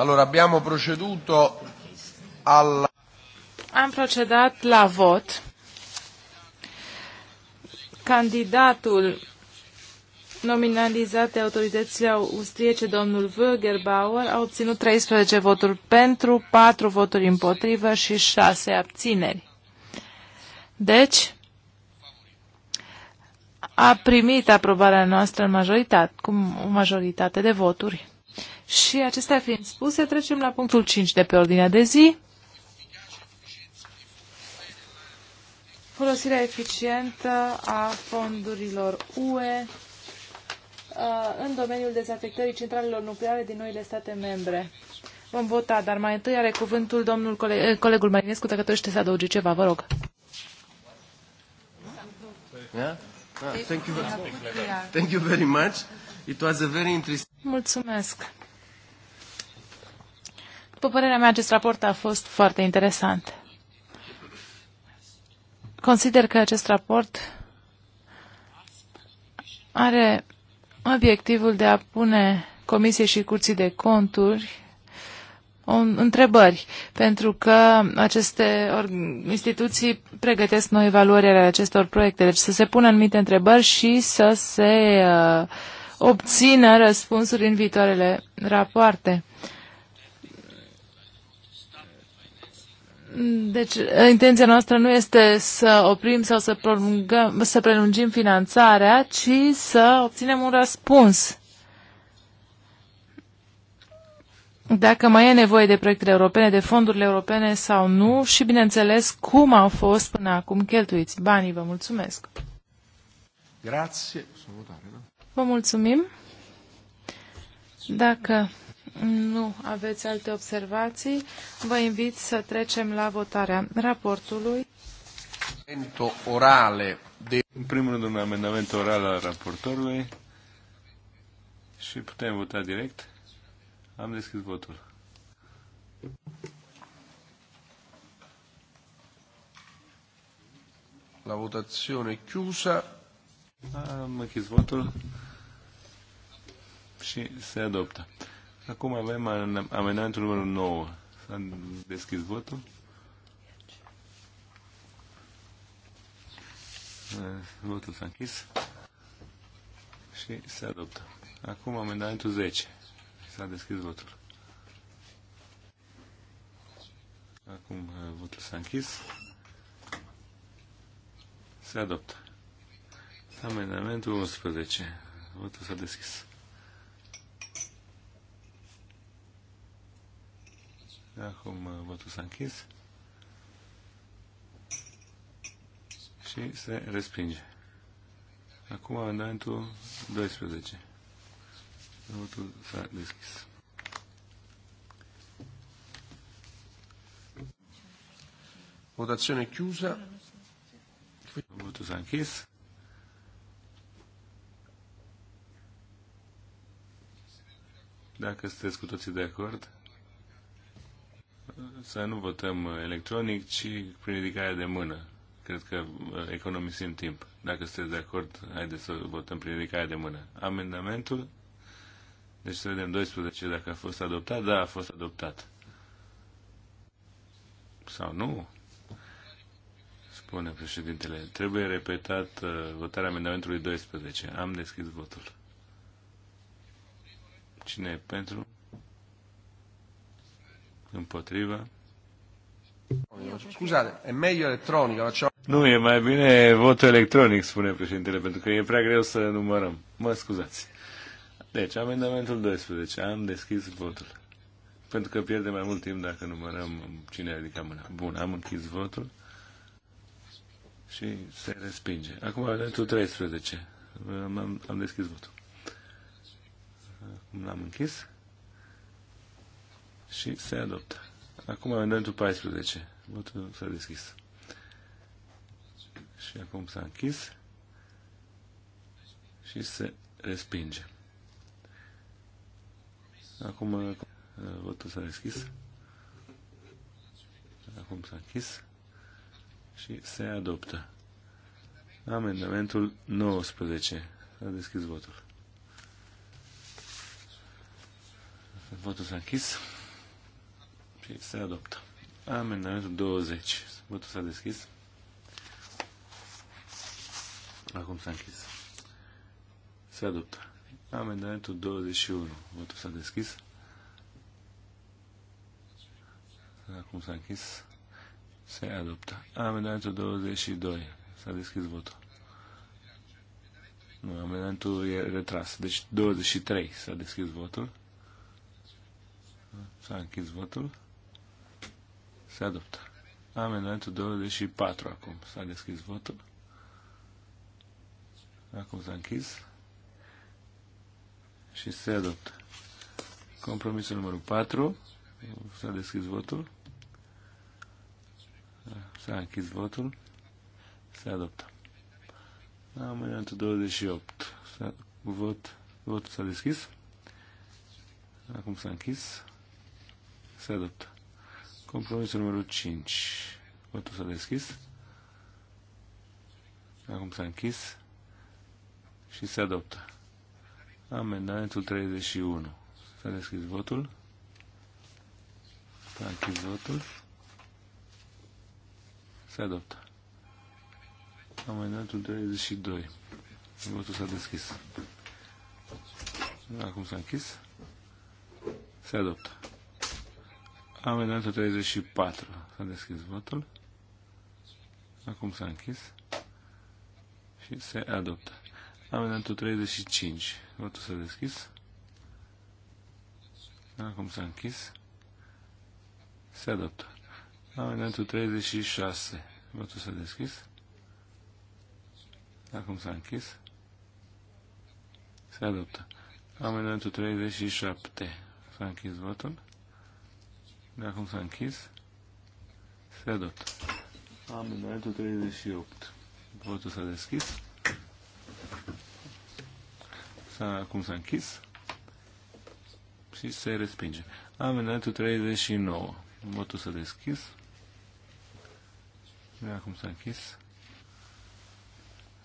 Allora abbiamo proceduto alla... Am procedat la vot. Candidatul nominalizat de autoritățile austriece, domnul Wögerbauer, a obținut 13 voturi pentru, 4 voturi împotrivă și 6 abțineri. Deci, a primit aprobarea noastră în majoritate, cu o majoritate de voturi. Și acestea fiind spuse, trecem la punctul 5 de pe ordinea de zi. Folosirea eficientă a fondurilor UE uh, în domeniul dezafectării centralelor nucleare din noile state membre. Vom vota, dar mai întâi are cuvântul domnul coleg, eh, colegul Marinescu, dacă trebuie să adăugi ceva, vă rog. Yeah? Ah, thank, you very, thank you very much. It was a very interesting... Mulțumesc. După părerea mea, acest raport a fost foarte interesant. Consider că acest raport are obiectivul de a pune Comisiei și Curții de Conturi întrebări, pentru că aceste instituții pregătesc noi evaluările acestor proiecte, deci să se pună anumite întrebări și să se uh, obțină răspunsuri în viitoarele rapoarte. Deci, intenția noastră nu este să oprim sau să, prolungăm, să prelungim finanțarea, ci să obținem un răspuns. Dacă mai e nevoie de proiectele europene, de fondurile europene sau nu și, bineînțeles, cum au fost până acum cheltuiți banii. Vă mulțumesc! Grazie. Vă mulțumim. Dacă nu aveți alte observații, vă invit să trecem la votarea raportului. Orale de... În primul rând, un amendament oral al raportorului și putem vota direct. Am deschis votul. La votazione chiusa. Am închis votul și se adoptă. Acum avem amendamentul numărul 9. S-a deschis votul. Eh, votul s-a închis și se adoptă. Acum amendamentul 10. S-a deschis votul. Acum eh, votul s-a închis. Se adoptă. Amendamentul 11. Votul s-a deschis. Acum uh, votul s-a închis. Și se respinge. Acum amendamentul 12. Votul s-a deschis. Votazione chiusa. Votul s-a închis. Dacă sunteți cu toții de acord, să nu votăm electronic, ci prin ridicarea de mână. Cred că uh, economisim timp. Dacă sunteți de acord, haideți să votăm prin ridicarea de mână. Amendamentul, deci să vedem 12 dacă a fost adoptat. Da, a fost adoptat. Sau nu? Spune președintele. Trebuie repetat uh, votarea amendamentului 12. Am deschis votul. Cine e pentru? Împotriva? Scuzate, e meglio electronica? Facciamo... Nu, e mai bine votul electronic, spune președintele, pentru că e prea greu să numărăm. Mă scuzați. Deci, amendamentul 12. Am deschis votul. Pentru că pierdem mai mult timp dacă numărăm cine ridică mâna. Bun, am închis votul și se respinge. Acum, amendamentul 13. Am, am deschis votul. Acum l-am închis. Și se adoptă. Acum amendamentul 14. Votul s-a deschis. Și acum s-a închis. Și se respinge. Acum uh, votul s-a deschis. Acum s-a închis. Și se adoptă. Amendamentul 19. S-a deschis votul. Votul s-a închis și se adoptă. Amendamentul 20. Votul s-a deschis. Acum s-a închis. Se adoptă. Amendamentul 21. Votul s-a deschis. Acum s-a închis. Se adoptă. Amendamentul 22. S-a deschis votul. Nu, amendamentul e retras. Deci 23 s-a deschis votul. S-a închis votul. Se adoptă. Amendamentul 24 acum. S-a deschis votul. Acum s-a închis. Și se adoptă. Compromisul numărul 4. S-a deschis votul. S-a închis votul. Se adoptă. Amendamentul 28. S-a, vot, votul s-a deschis. Acum s-a închis. Se adoptă. Compromisul numărul 5. Votul s-a deschis. Acum s-a închis. Și se adoptă. Amendamentul 31. S-a deschis votul. S-a închis votul. Se adoptă. Amendamentul 32. Votul s-a deschis. Acum s-a închis. Se adoptă. Amendamentul 34. S-a deschis votul. Acum s-a închis. Și se adoptă. Amendamentul 35. Votul s-a deschis. Acum s-a închis. Se adoptă. Amendamentul 36. Votul s-a deschis. Acum s-a închis. Se adoptă. Amendamentul 37. S-a închis votul. De acum s-a închis. Se adoptă. Amendamentul 38. Votul s-a deschis. S-a, acum s-a închis. Și se respinge. Amendamentul 39. Votul s-a deschis. De acum s-a închis.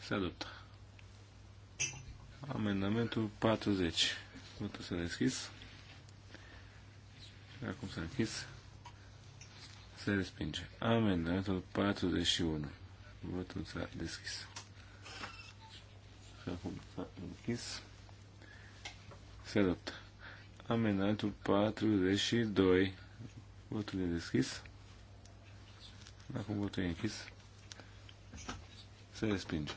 Se adoptă. Amendamentul 40. Votul s-a deschis. Acum s-a închis. Se respinge. Amendamentul 41. Votul s-a deschis. Și acum s-a închis. Se adoptă. Amendamentul 42. Votul e deschis. Acum votul e închis. Se respinge.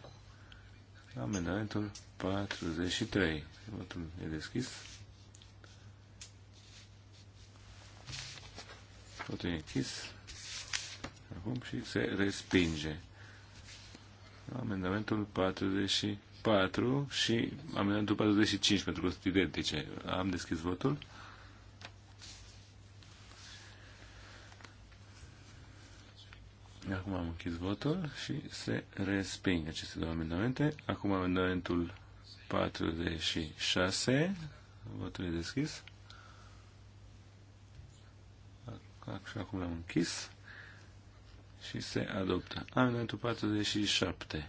Amendamentul 43. Votul e deschis. totul e închis. Acum și se respinge. Amendamentul 44 și amendamentul 45 pentru că sunt identice. Am deschis votul. Acum am închis votul și se resping aceste două amendamente. Acum amendamentul 46. Votul e deschis. și acum l-am închis și se adoptă. Amendamentul 47.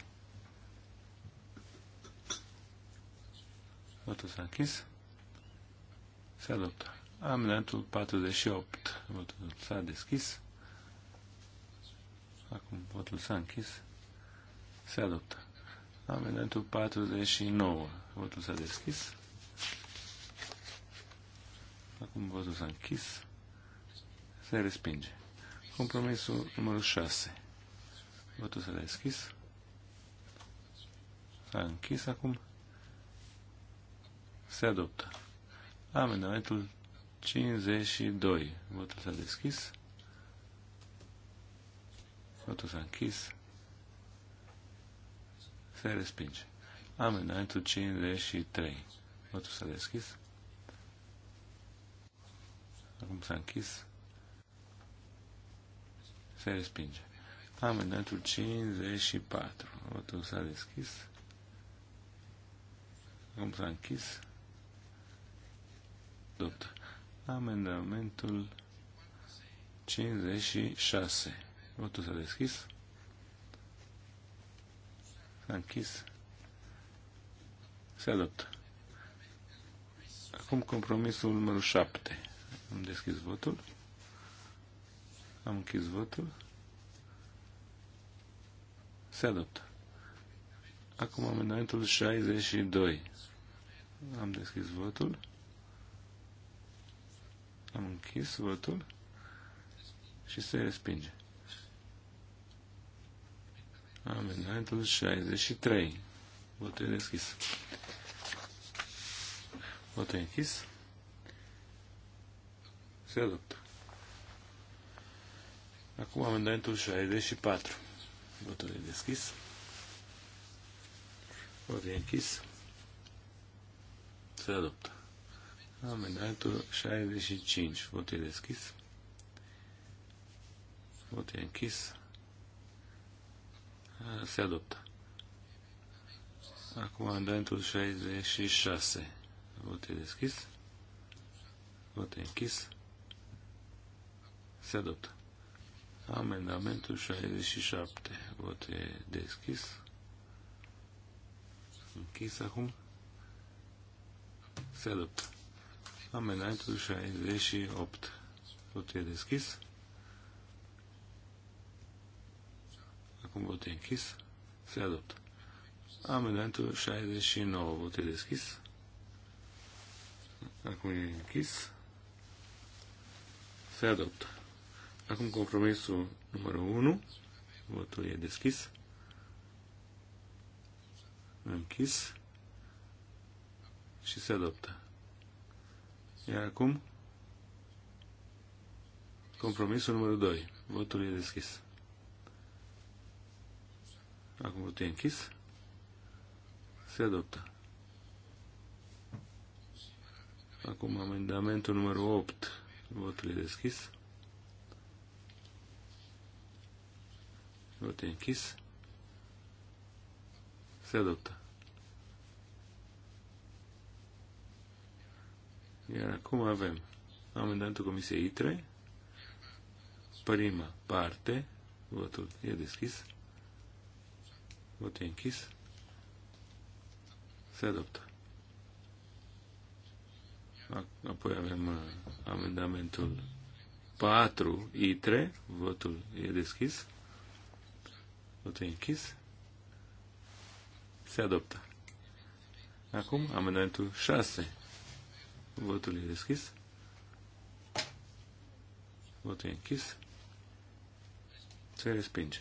Votul s-a închis. Se adoptă. Amendamentul 48. Votul s-a deschis. Acum votul s-a închis. Se adoptă. Amendamentul 49. Votul s-a deschis. Acum votul s-a închis. Se respinge. Compromisul numărul 6. Votul s-a deschis. S-a închis acum. Se adoptă. Amendamentul 52. Votul s-a deschis. Votul s-a închis. Se respinge. Amendamentul 53. Votul s-a deschis. Acum s-a închis se respinge. Amendatul 54. Votul s-a deschis. Cum s-a închis. Tot. Amendamentul 56. Votul s-a deschis. S-a închis. Se adoptă. Acum compromisul numărul 7. Am deschis votul. Am închis votul. Se adoptă. Acum amendamentul 62. Am deschis votul. Am închis votul și se respinge. Amendamentul 63. Votul e deschis. Votul e închis. Se adoptă. Acum amendamentul 64. Votul e deschis. Votul e închis. Se adoptă. Amendamentul 65. Votul e deschis. Votul e închis. Se adoptă. Acum amendamentul 66. Votul e deschis. Votul e închis. Se adoptă. Amendamentul 67. Vot e deschis. Închis acum. Se adoptă. Amendamentul 68. Vot e deschis. Acum vot e închis. Se adoptă. Amendamentul 69. Vot e deschis. Acum e închis. Se adoptă. Acum compromisul numărul 1. Votul e deschis. Închis. Și se adoptă. Iar acum compromisul numărul 2. Votul e deschis. Acum votul e închis. Se adoptă. Acum amendamentul numărul 8. Votul e deschis. Vot închis. Se adoptă. Iar acum avem amendamentul Comisiei ITRE, prima parte, votul e deschis, votul e închis, se adoptă. Apoi avem uh, amendamentul 4 ITRE, votul e deschis, Totul e închis. Se adoptă. Acum, amendamentul 6. Votul e deschis. Votul e închis. Se respinge.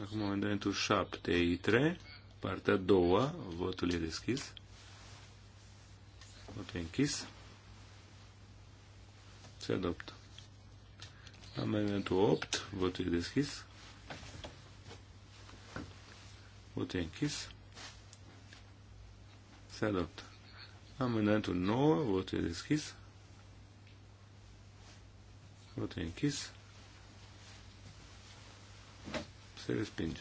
Acum, amendamentul 7. I3. Partea 2. Votul e deschis. Votul e închis. Se adoptă. Amendamentul 8. Votul e deschis. Uite, închis. Se adoptă. Amendamentul 9, votul e deschis. Votul e închis. Se respinge.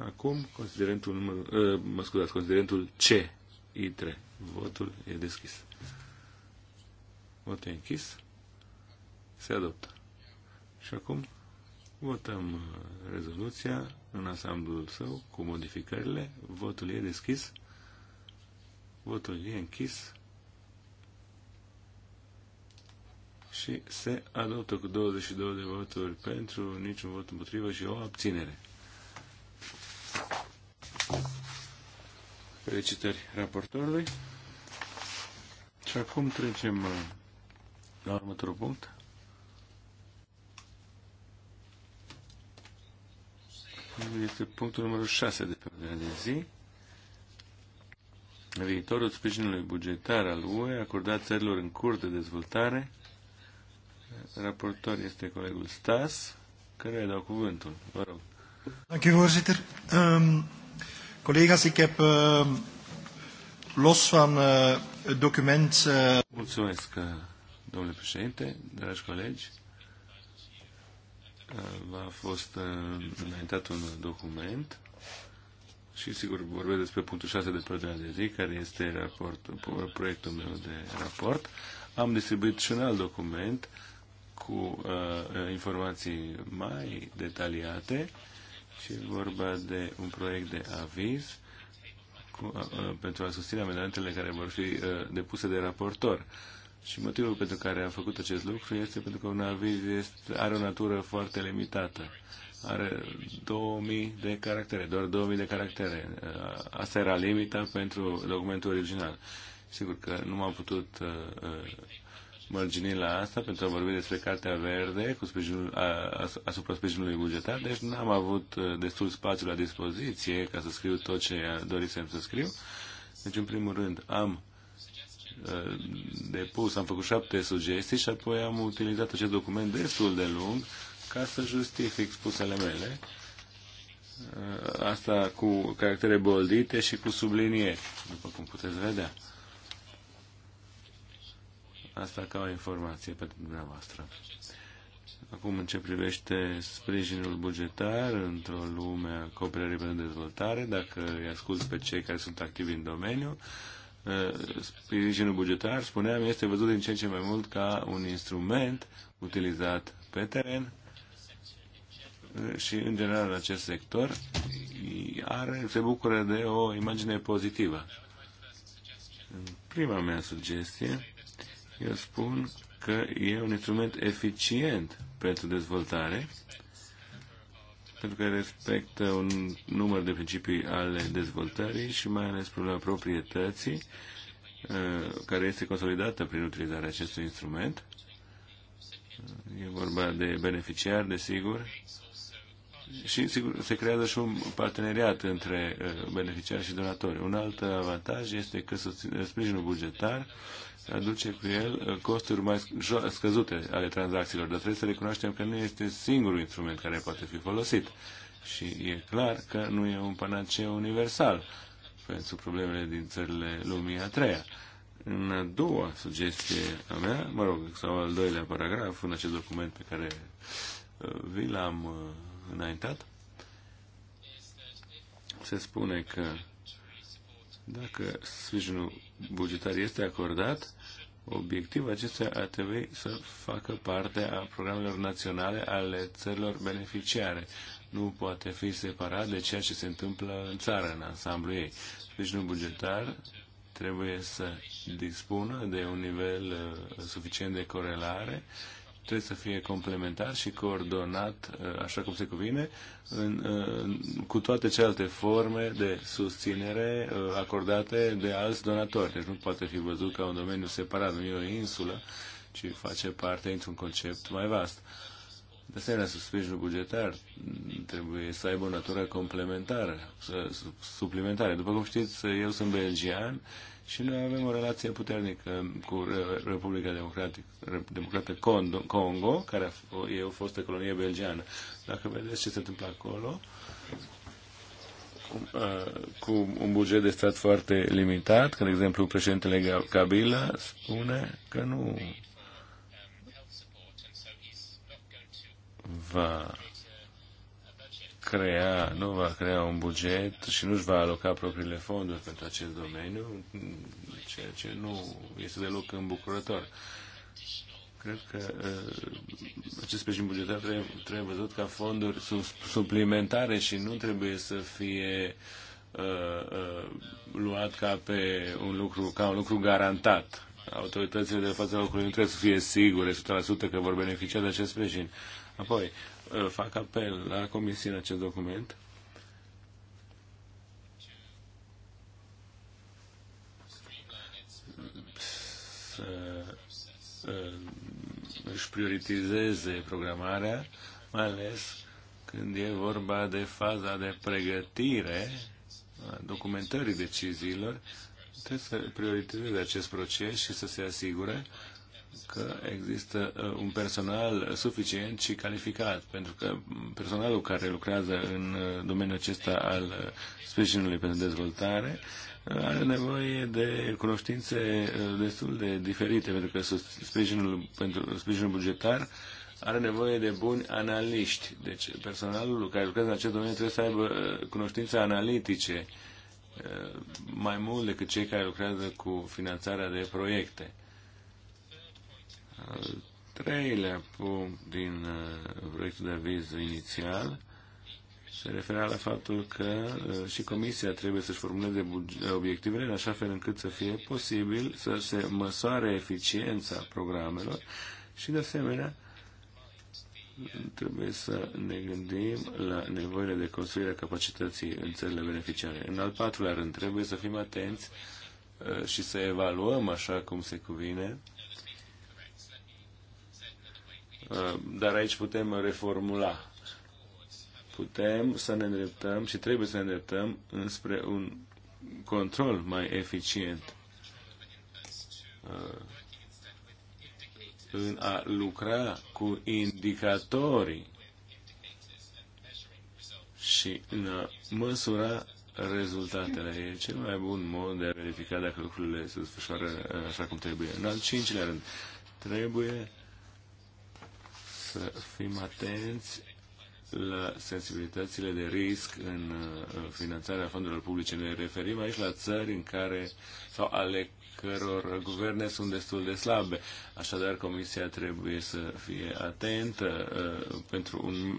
Acum, considerentul, număr, eh, mă scuzați, considerentul C, I3. Votul e deschis. Votul e închis. Se adoptă. Și acum votăm eh, rezoluția în ansamblul său cu modificările. Votul e deschis. Votul e închis. Și se adoptă cu 22 de voturi pentru, niciun vot împotrivă și o abținere. Felicitări raportorului. Și acum trecem uh, la următorul punct. este punctul numărul 6 de pe ordinea de zi. Viitorul sprijinului bugetar al UE acordat țărilor în curs de dezvoltare. Raportor este colegul Stas, care îi dau cuvântul. Vă rog. Dank u, voorzitter. Um, collega's, ik heb uh, los van uh, het document... Uh... Mulțumesc, uh, domnule președinte, dragi colegi v-a fost uh, înaintat un document și sigur vorbesc despre punctul 6 de pe de zi, care este raport, proiectul meu de raport. Am distribuit și un alt document cu uh, uh informații mai detaliate și vorba de un proiect de aviz cu, uh, uh, pentru a susține amendamentele care vor fi uh, depuse de raportor. Uh, și motivul pentru care am făcut acest lucru este pentru că un aviz este, are o natură foarte limitată. Are 2000 de caractere, doar 2000 de caractere. Asta era limita pentru documentul original. Sigur că nu m-am putut uh, uh, mărgini la asta pentru a vorbi despre Cartea Verde cu sprijinul, a, asupra sprijinului bugetar, deci n-am avut uh, destul spațiu la dispoziție ca să scriu tot ce dorisem să scriu. Deci, în primul rând, am depus, am făcut șapte sugestii și apoi am utilizat acest document destul de lung ca să justific spusele mele. Asta cu caractere boldite și cu sublinieri, după cum puteți vedea. Asta ca o informație pentru dumneavoastră. Acum, în ce privește sprijinul bugetar într-o lume a cooperării pentru dezvoltare, dacă îi ascult pe cei care sunt activi în domeniu, sprijinul bugetar, spuneam, este văzut din ce în ce mai mult ca un instrument utilizat pe teren și, în general, acest sector are, se bucură de o imagine pozitivă. Prima mea sugestie, eu spun că e un instrument eficient pentru dezvoltare pentru că respectă un număr de principii ale dezvoltării și mai ales problema proprietății, uh, care este consolidată prin utilizarea acestui instrument. Uh, e vorba de beneficiari, desigur. Și sigur, se creează și un parteneriat între uh, beneficiari și donatori. Un alt avantaj este că sprijinul bugetar aduce cu el uh, costuri mai scăzute ale tranzacțiilor, dar trebuie să recunoaștem că nu este singurul instrument care poate fi folosit. Și e clar că nu e un panaceu universal pentru problemele din țările lumii a treia. În a doua sugestie a mea, mă rog, sau al doilea paragraf în acest document pe care uh, vi l-am uh, înaintat, se spune că dacă sprijinul bugetar este acordat, obiectiv, acestea ar trebui să facă parte a programelor naționale ale țărilor beneficiare. Nu poate fi separat de ceea ce se întâmplă în țară, în ansamblu ei. Sprijinul deci bugetar trebuie să dispună de un nivel uh, suficient de corelare uh, trebuie să fie complementar și coordonat, uh, așa cum se cuvine, în, în, uh, cu toate celelalte forme de susținere uh, acordate de alți donatori. Deci nu poate fi văzut ca un domeniu separat, nu e o insulă, ci face parte într-un concept mai vast. De asemenea, sprijinul bugetar trebuie să aibă o natură complementară, suplimentară. După cum știți, eu sunt belgian și noi avem o relație puternică cu Republica Democratică, Democrată Congo, care e o fostă colonie belgiană. Dacă vedeți ce se întâmplă acolo, cu un buget de stat foarte limitat, că, de exemplu, președintele Kabila spune că nu va crea, nu va crea un buget și nu-și va aloca propriile fonduri pentru acest domeniu, ceea ce nu este deloc îmbucurător. Cred că uh, acest sprijin bugetar trebuie, trebuie văzut ca fonduri suplimentare și nu trebuie să fie uh, uh, luat ca pe un lucru, ca un lucru garantat. Autoritățile de față locului nu trebuie să fie sigure 100% că vor beneficia de acest sprijin. Uh, Apoi, fac apel la Comisie în acest document să uh, își prioritizeze programarea, mai ales când e vorba de faza de pregătire a documentării deciziilor, trebuie să prioritizeze acest proces și să se asigure că există uh, un personal suficient și calificat, pentru că personalul care lucrează în uh, domeniul acesta al uh, sprijinului pentru dezvoltare are nevoie de cunoștințe destul de diferite, pentru că sprijinul, pentru, sprijinul bugetar are nevoie de buni analiști. Deci personalul care lucrează în acest domeniu trebuie să aibă cunoștințe analitice mai mult decât cei care lucrează cu finanțarea de proiecte. Al treilea punct din uh, proiectul de aviz inițial se referea la faptul că uh, și Comisia trebuie să-și formuleze obiectivele în așa fel încât să fie posibil să se măsoare eficiența programelor și, de asemenea, trebuie să ne gândim la nevoile de construire a capacității în țările beneficiare. În al patrulea rând, trebuie să fim atenți uh, și să evaluăm așa cum se cuvine Uh, dar aici putem reformula. Putem să ne îndreptăm și trebuie să ne îndreptăm înspre un control mai eficient uh, în a lucra cu indicatorii și în a măsura rezultatele. E cel mai bun mod de a verifica dacă lucrurile se desfășoară uh, așa cum trebuie. În al cincilea rând, trebuie să fim atenți la sensibilitățile de risc în uh, finanțarea fondurilor publice. Ne referim aici la țări în care, sau ale căror guverne sunt destul de slabe. Așadar, Comisia trebuie să fie atentă uh, pentru un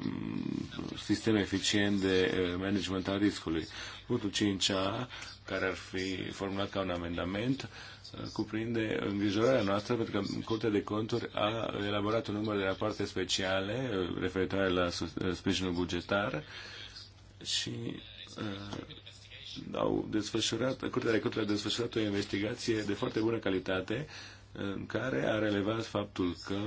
sistem eficient de uh, management al riscului. Punctul 5A, care ar fi formulat ca un amendament, uh, cuprinde îngrijorarea noastră pentru că Curtea de Conturi a elaborat un număr de rapoarte speciale uh, referitoare la sprijinul bugetar și uh, au desfășurat, Curtea de Conturi a desfășurat o investigație de foarte bună calitate în care a relevat faptul că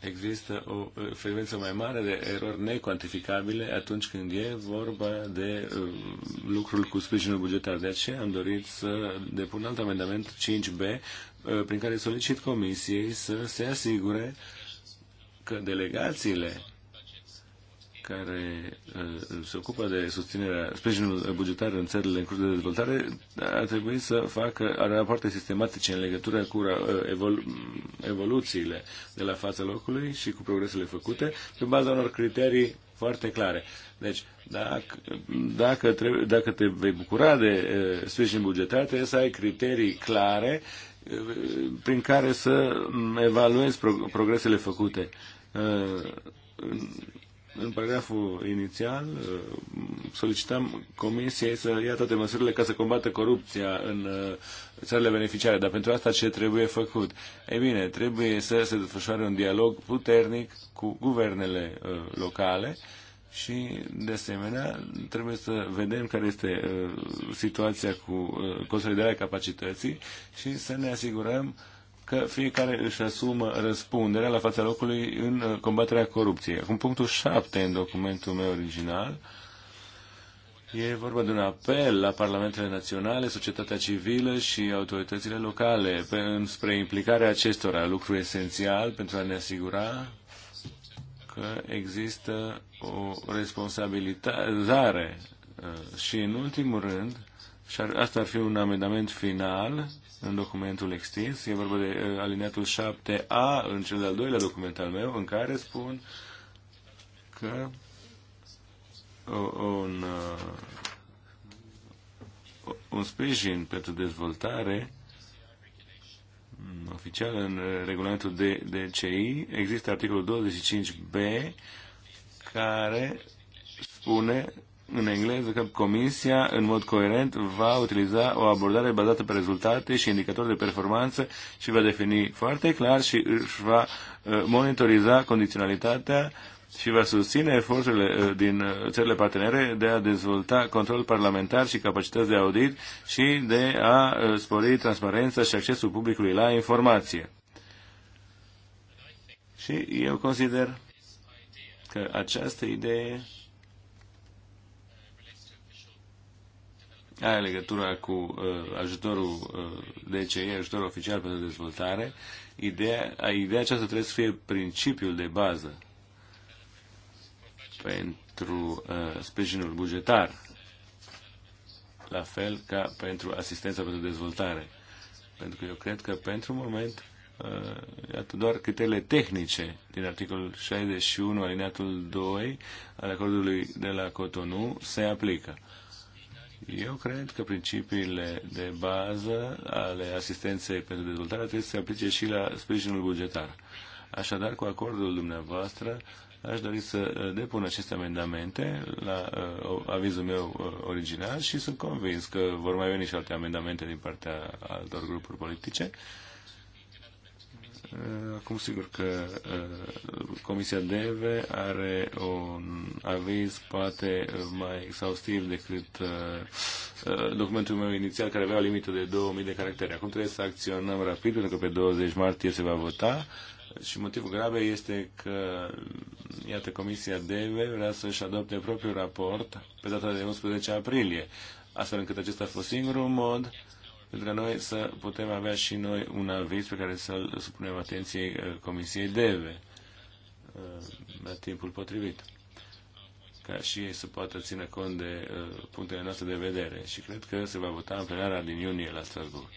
există o uh, frecvență mai mare de erori necuantificabile atunci când e vorba de uh, lucrul cu sprijinul bugetar. De aceea am dorit să depun alt amendament 5B uh, prin care solicit Comisiei să se asigure că delegațiile care uh, se ocupă de susținerea, sprijinul bugetar în țările în curs de dezvoltare, a trebuit să facă rapoarte sistematice în legătură cu uh, evolu- evoluțiile de la fața locului și cu progresele făcute, pe baza unor criterii foarte clare. Deci, dacă, dacă, trebuie, dacă te vei bucura de uh, sprijin bugetar, trebuie să ai criterii clare uh, prin care să mm, evaluezi pro- progresele făcute. Uh, în paragraful inițial uh, solicităm Comisiei să ia toate măsurile ca să combată corupția în uh, țările beneficiare, dar pentru asta ce trebuie făcut? Ei bine, trebuie să se desfășoare un dialog puternic cu guvernele uh, locale și, de asemenea, trebuie să vedem care este situația cu consolidarea capacității și să ne asigurăm că fiecare își asumă răspunderea la fața locului în uh, combaterea corupției. Acum punctul 7 în documentul meu original e vorba de un apel la parlamentele naționale, societatea civilă și autoritățile locale pe, spre implicarea acestora, lucru esențial pentru a ne asigura că există o responsabilizare uh, și în ultimul rând, și ar, asta ar fi un amendament final, în documentul extins. E vorba de uh, alineatul 7A în cel de-al doilea document al meu, în care spun că un, uh, un sprijin pentru dezvoltare mm, oficial în regulamentul DCI există articolul 25B care spune în engleză că Comisia, în mod coerent, va utiliza o abordare bazată pe rezultate și indicatori de performanță și va defini foarte clar și își va uh, monitoriza condiționalitatea și va susține eforturile uh, din uh, țările partenere de a dezvolta control parlamentar și capacități de audit și de a spori transparența și accesul publicului la informație. Și eu consider că această idee are legătura cu uh, ajutorul uh, DCE, ajutorul oficial pentru dezvoltare, ideea, ideea aceasta trebuie să fie principiul de bază pentru uh, sprijinul bugetar, la fel ca pentru asistența pentru dezvoltare. Pentru că eu cred că pentru moment, uh, iată doar câtele tehnice din articolul 61 alineatul 2 al acordului de la Cotonou se aplică. Uh, eu cred că principiile de bază ale asistenței pentru dezvoltare trebuie să se aplice și la sprijinul bugetar. Așadar, cu acordul dumneavoastră, aș dori să uh, depun aceste amendamente la uh, avizul meu uh, original și sunt convins că vor mai veni și alte amendamente din partea altor grupuri politice. Uh, Acum, sigur că uh, Comisia DEVE are un aviz poate mai exhaustiv decât uh, uh, documentul meu inițial, care avea o limită de 2000 de caractere. Acum trebuie să acționăm rapid, pentru că pe 20 martie se va vota. Și motivul grave este că, iată, Comisia DEVE vrea să-și adopte propriul raport pe data de 11 aprilie, astfel încât acesta a fost singurul mod pentru că noi să putem avea și noi un aviz pe care să-l supunem atenției uh, Comisiei DEVE uh, la timpul potrivit ca și ei să poată ține cont de uh, punctele noastre de vedere și cred că se va vota în plenara din iunie la Strasbourg.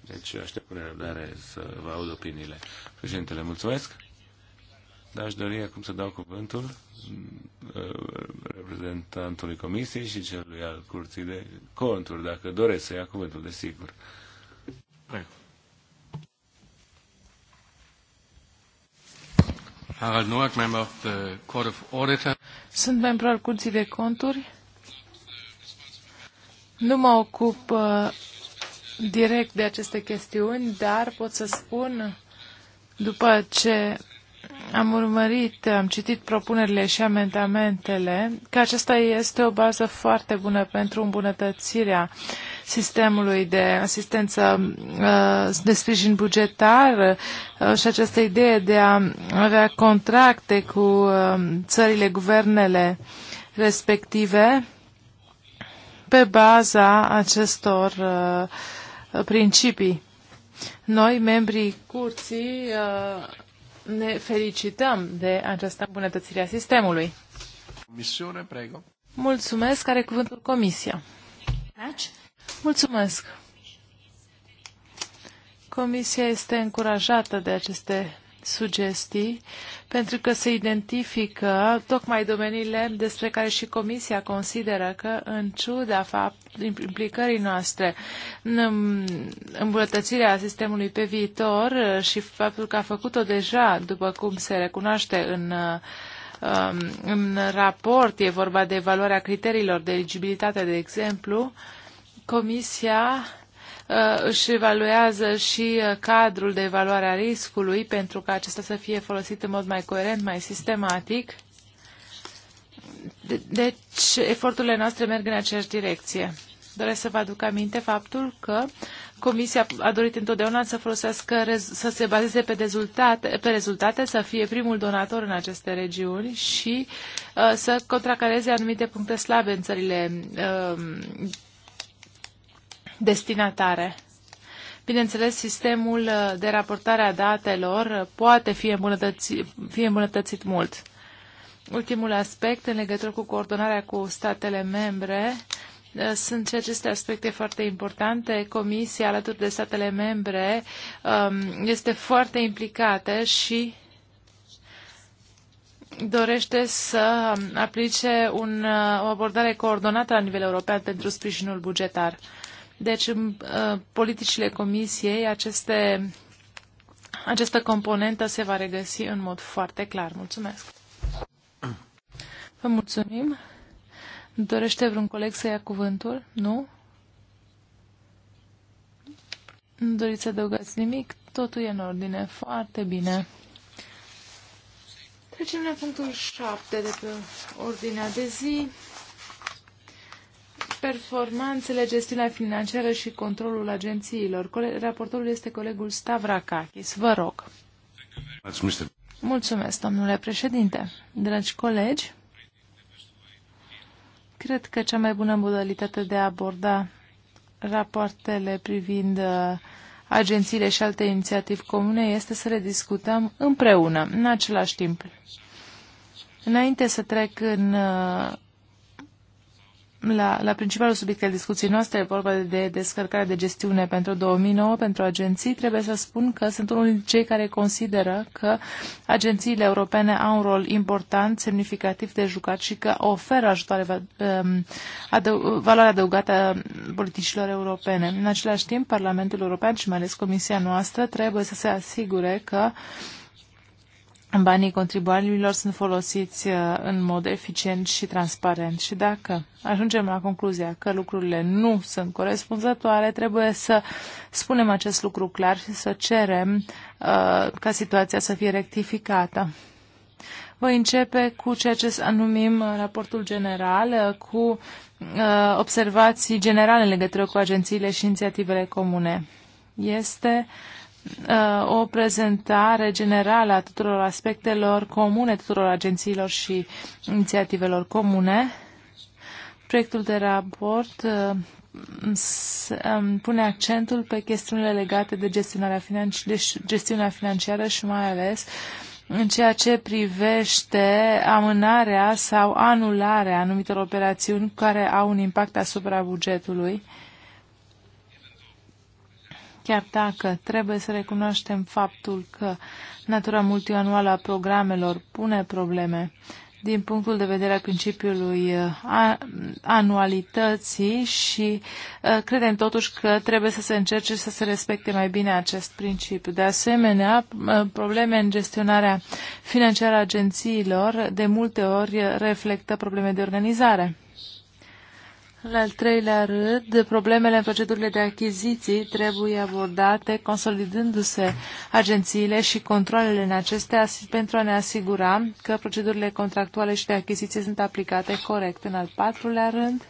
Deci aștept cu nerăbdare să vă aud opiniile. Președintele, mulțumesc! Dar aș dori acum să dau cuvântul uh, reprezentantului Comisiei și celui al Curții de Conturi, dacă doresc să ia cuvântul, desigur. Harald Noack, member of the Court of Auditor. Sunt membru al Curții de Conturi. Nu mă ocup uh, direct de aceste chestiuni, dar pot să spun, după ce am urmărit, am citit propunerile și amendamentele, că aceasta este o bază foarte bună pentru îmbunătățirea sistemului de asistență, uh, de sprijin bugetar uh, și această idee de a avea contracte cu uh, țările, guvernele respective pe baza acestor principii. Noi, membrii curții, ne felicităm de această îmbunătățire a sistemului. Misiune, prego. Mulțumesc, are cuvântul Comisia. Mulțumesc. Comisia este încurajată de aceste sugestii, pentru că se identifică tocmai domeniile despre care și Comisia consideră că, în ciuda fapt, implicării noastre în um, îmbunătățirea sistemului pe viitor uh, și faptul că a făcut-o deja, după cum se recunoaște în uh, um, în raport e vorba de evaluarea criteriilor de eligibilitate, de exemplu, Comisia Uh, își evaluează și uh, cadrul de evaluare a riscului pentru ca acesta să fie folosit în mod mai coerent, mai sistematic. Deci, eforturile noastre merg în aceeași direcție. Doresc să vă aduc aminte faptul că Comisia a dorit întotdeauna să folosească, să se bazeze pe rezultate, pe rezultate, să fie primul donator în aceste regiuni și uh, să contracareze anumite puncte slabe în țările uh, destinatare. Bineînțeles, sistemul uh, de raportare a datelor uh, poate fi îmbunătățit, fi îmbunătățit mult. Ultimul aspect, în legătură cu coordonarea cu statele membre, uh, sunt și aceste aspecte foarte importante. Comisia, alături de statele membre, um, este foarte implicată și dorește să um, aplice un, o abordare coordonată la nivel european pentru sprijinul bugetar. Deci, în uh, politicile Comisiei, aceste, această componentă se va regăsi în mod foarte clar. Mulțumesc! Vă mulțumim! Dorește vreun coleg să ia cuvântul? Nu? Nu doriți să adăugați nimic? Totul e în ordine. Foarte bine. Trecem la punctul 7 de pe ordinea de zi. Performanțele, gestiunea financiară și controlul agențiilor. Raportorul este colegul Stavrakakis. Vă rog. Mulțumesc, domnule președinte. Dragi colegi, cred că cea mai bună modalitate de a aborda rapoartele privind uh, agențiile și alte inițiativi comune este să le discutăm împreună, în același timp. Înainte să trec în uh, la, la principalul subiect al discuției noastre, vorba de descărcare de gestiune pentru 2009 pentru agenții, trebuie să spun că sunt unul dintre cei care consideră că agențiile europene au un rol important, semnificativ de jucat și că oferă ajutoare um, adău, valoare adăugată politicilor europene. În același timp, Parlamentul European și mai ales Comisia noastră trebuie să se asigure că uh, banii contribuabililor sunt folosiți uh, în mod eficient și transparent. Și dacă ajungem la concluzia că lucrurile nu sunt corespunzătoare, trebuie să spunem acest lucru clar și să cerem uh, ca situația să fie rectificată. Voi începe cu ceea ce anumim uh, raportul general, uh, cu uh, observații generale în legătură cu agențiile și inițiativele comune. Este uh, uh, o prezentare generală a tuturor aspectelor comune, tuturor agențiilor și inițiativelor comune. Proiectul de raport uh, um, pune accentul pe chestiunile legate de gestionarea, financi- de gestiunea financiară și mai ales în ceea ce privește amânarea sau anularea anumitor operațiuni care au un impact asupra bugetului. Uh, Chiar dacă trebuie să recunoaștem faptul că natura multianuală a programelor pune probleme din punctul de vedere al principiului uh, anualității și uh, credem totuși că trebuie să se încerce să se respecte mai bine acest principiu. De asemenea, uh, probleme în gestionarea financiară a agențiilor de multe ori reflectă probleme de organizare. În al treilea rând, problemele în procedurile de achiziții trebuie abordate consolidându-se agențiile și controlele în acestea pentru a ne asigura că procedurile contractuale și de achiziții sunt aplicate corect. În al patrulea rând,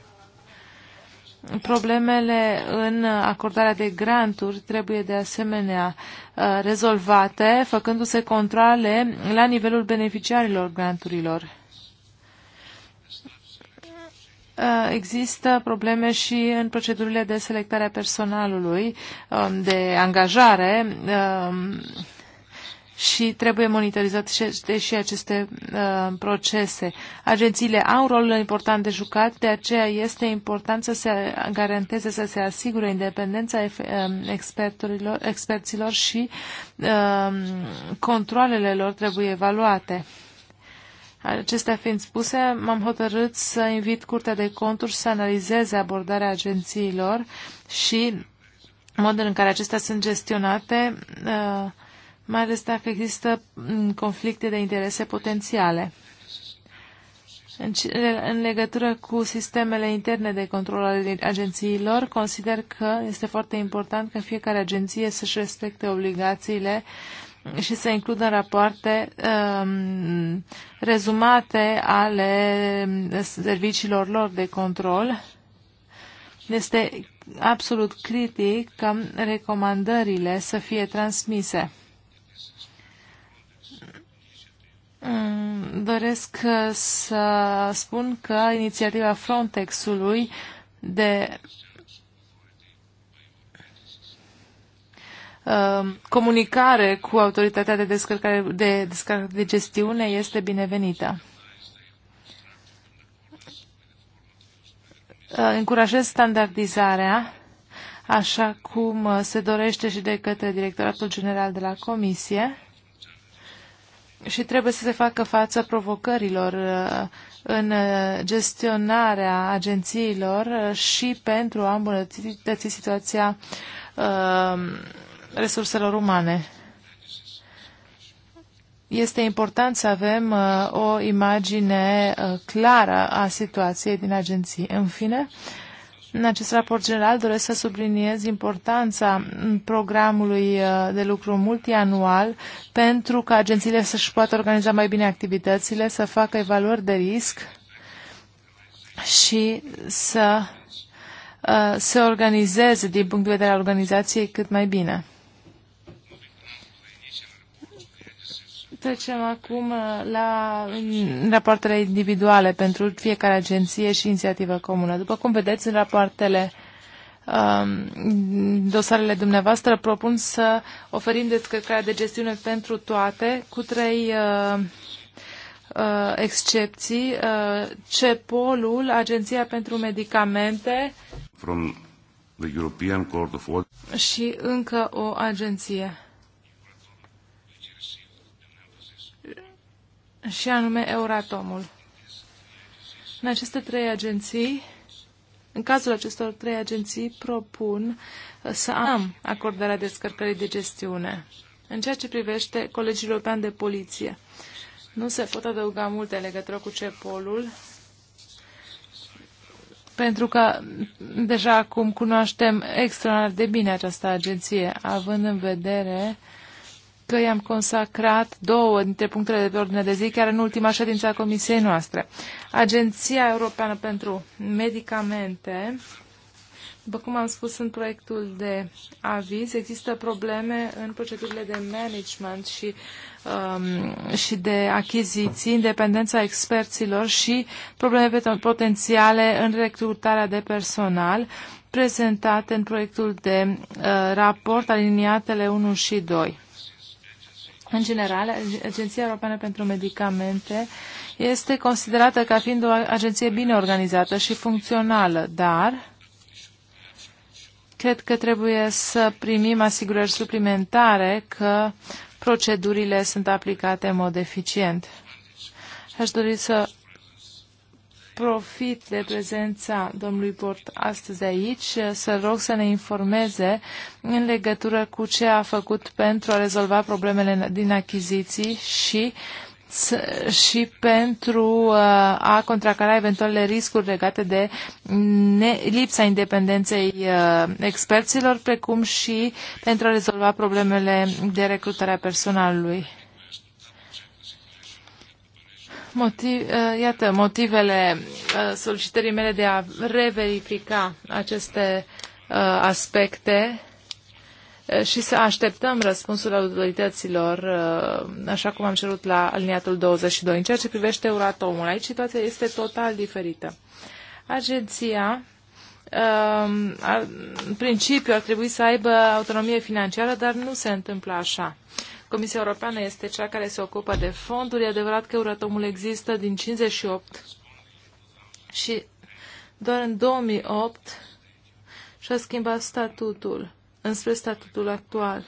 Problemele în acordarea de granturi trebuie de asemenea uh, rezolvate, făcându-se controle la nivelul beneficiarilor granturilor. Uh, există probleme și în procedurile de selectare a personalului, um, de angajare um, și trebuie monitorizate și aceste uh, procese. Agențiile au un rol important de jucat, de aceea este important să se garanteze, să se asigure independența um, experților și controlele lor trebuie evaluate. Acestea fiind spuse, m-am hotărât să invit Curtea de Conturi să analizeze abordarea agențiilor și modul în care acestea sunt gestionate, uh, mai ales dacă există mm, conflicte de interese potențiale. În legătură cu sistemele interne de control ale agențiilor, consider că este foarte important ca fiecare agenție să-și respecte obligațiile și să includă în rapoarte um, rezumate ale serviciilor lor de control. Este absolut critic ca recomandările să fie transmise. Mm, doresc să spun că inițiativa Frontex-ului de Um, comunicare cu autoritatea de descărcare de, descărcare de gestiune este binevenită. Uh, încurajez standardizarea, așa cum uh, se dorește și de către Directoratul General de la Comisie și trebuie să se facă față provocărilor uh, în gestionarea agențiilor și pentru a îmbunătăți situația resurselor umane. Este important să avem uh, o imagine uh, clară a situației din agenții. În fine, în acest raport general doresc să subliniez importanța programului uh, de lucru multianual pentru ca agențiile să-și poată organiza mai bine activitățile, să facă evaluări de risc și să uh, se organizeze din punct de vedere al organizației cât mai bine. Trecem acum uh, la rapoartele individuale pentru fiecare agenție și inițiativă comună. După cum vedeți în rapoartele um, dosarele dumneavoastră, propun să oferim descărcarea de gestiune pentru toate, cu trei uh, uh, excepții. CEPOL-ul, Agenția pentru Medicamente From the European Court of și încă o agenție. și anume Euratomul. În aceste trei agenții, în cazul acestor trei agenții, propun să am acordarea descărcării de gestiune. În ceea ce privește Colegiul European de Poliție, nu se pot adăuga multe legătură cu CEPOL-ul, pentru că deja acum cunoaștem extraordinar de bine această agenție, având în vedere uh, că i-am consacrat două dintre punctele de pe ordine de zi, chiar în ultima ședință a comisiei noastre. Agenția Europeană pentru Medicamente, după cum am spus în proiectul de aviz, există probleme în procedurile de management și, um, și de achiziții, independența experților și probleme potențiale în recrutarea de personal prezentate în proiectul de uh, raport aliniatele 1 și 2. În general, Agenția Europeană pentru Medicamente este considerată ca fiind o agenție bine organizată și funcțională, dar cred că trebuie să primim asigurări suplimentare că procedurile sunt aplicate în mod eficient. Aș dori să profit de prezența domnului Port astăzi aici, să rog să ne informeze în legătură cu ce a făcut pentru a rezolva problemele din achiziții și și pentru uh, a contracara eventualele riscuri legate de lipsa independenței uh, experților, precum și pentru a rezolva problemele de recrutare a personalului. Motiv, eh, iată, motivele eh, solicitării mele de a reverifica aceste eh, aspecte și să așteptăm răspunsul autorităților, așa cum am cerut la aliniatul 22. În ceea ce privește uratomul, aici situația este total diferită. Agenția, în principiu, ar trebui să aibă autonomie financiară, dar nu se întâmplă așa. Comisia Europeană este cea care se ocupă de fonduri. E adevărat că Euratomul există din 58 și doar în 2008 și-a schimbat statutul înspre statutul actual.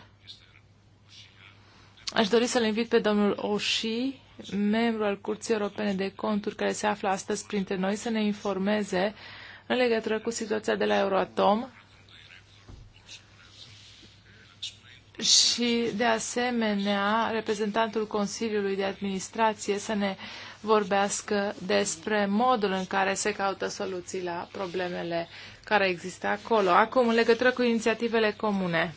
Aș dori să-l invit pe domnul Oshi, membru al Curții Europene de Conturi, care se află astăzi printre noi, să ne informeze în legătură cu situația de la Euroatom și, de asemenea, reprezentantul Consiliului de Administrație să ne vorbească despre modul în care se caută soluții la problemele care există acolo. Acum, în legătură cu inițiativele comune,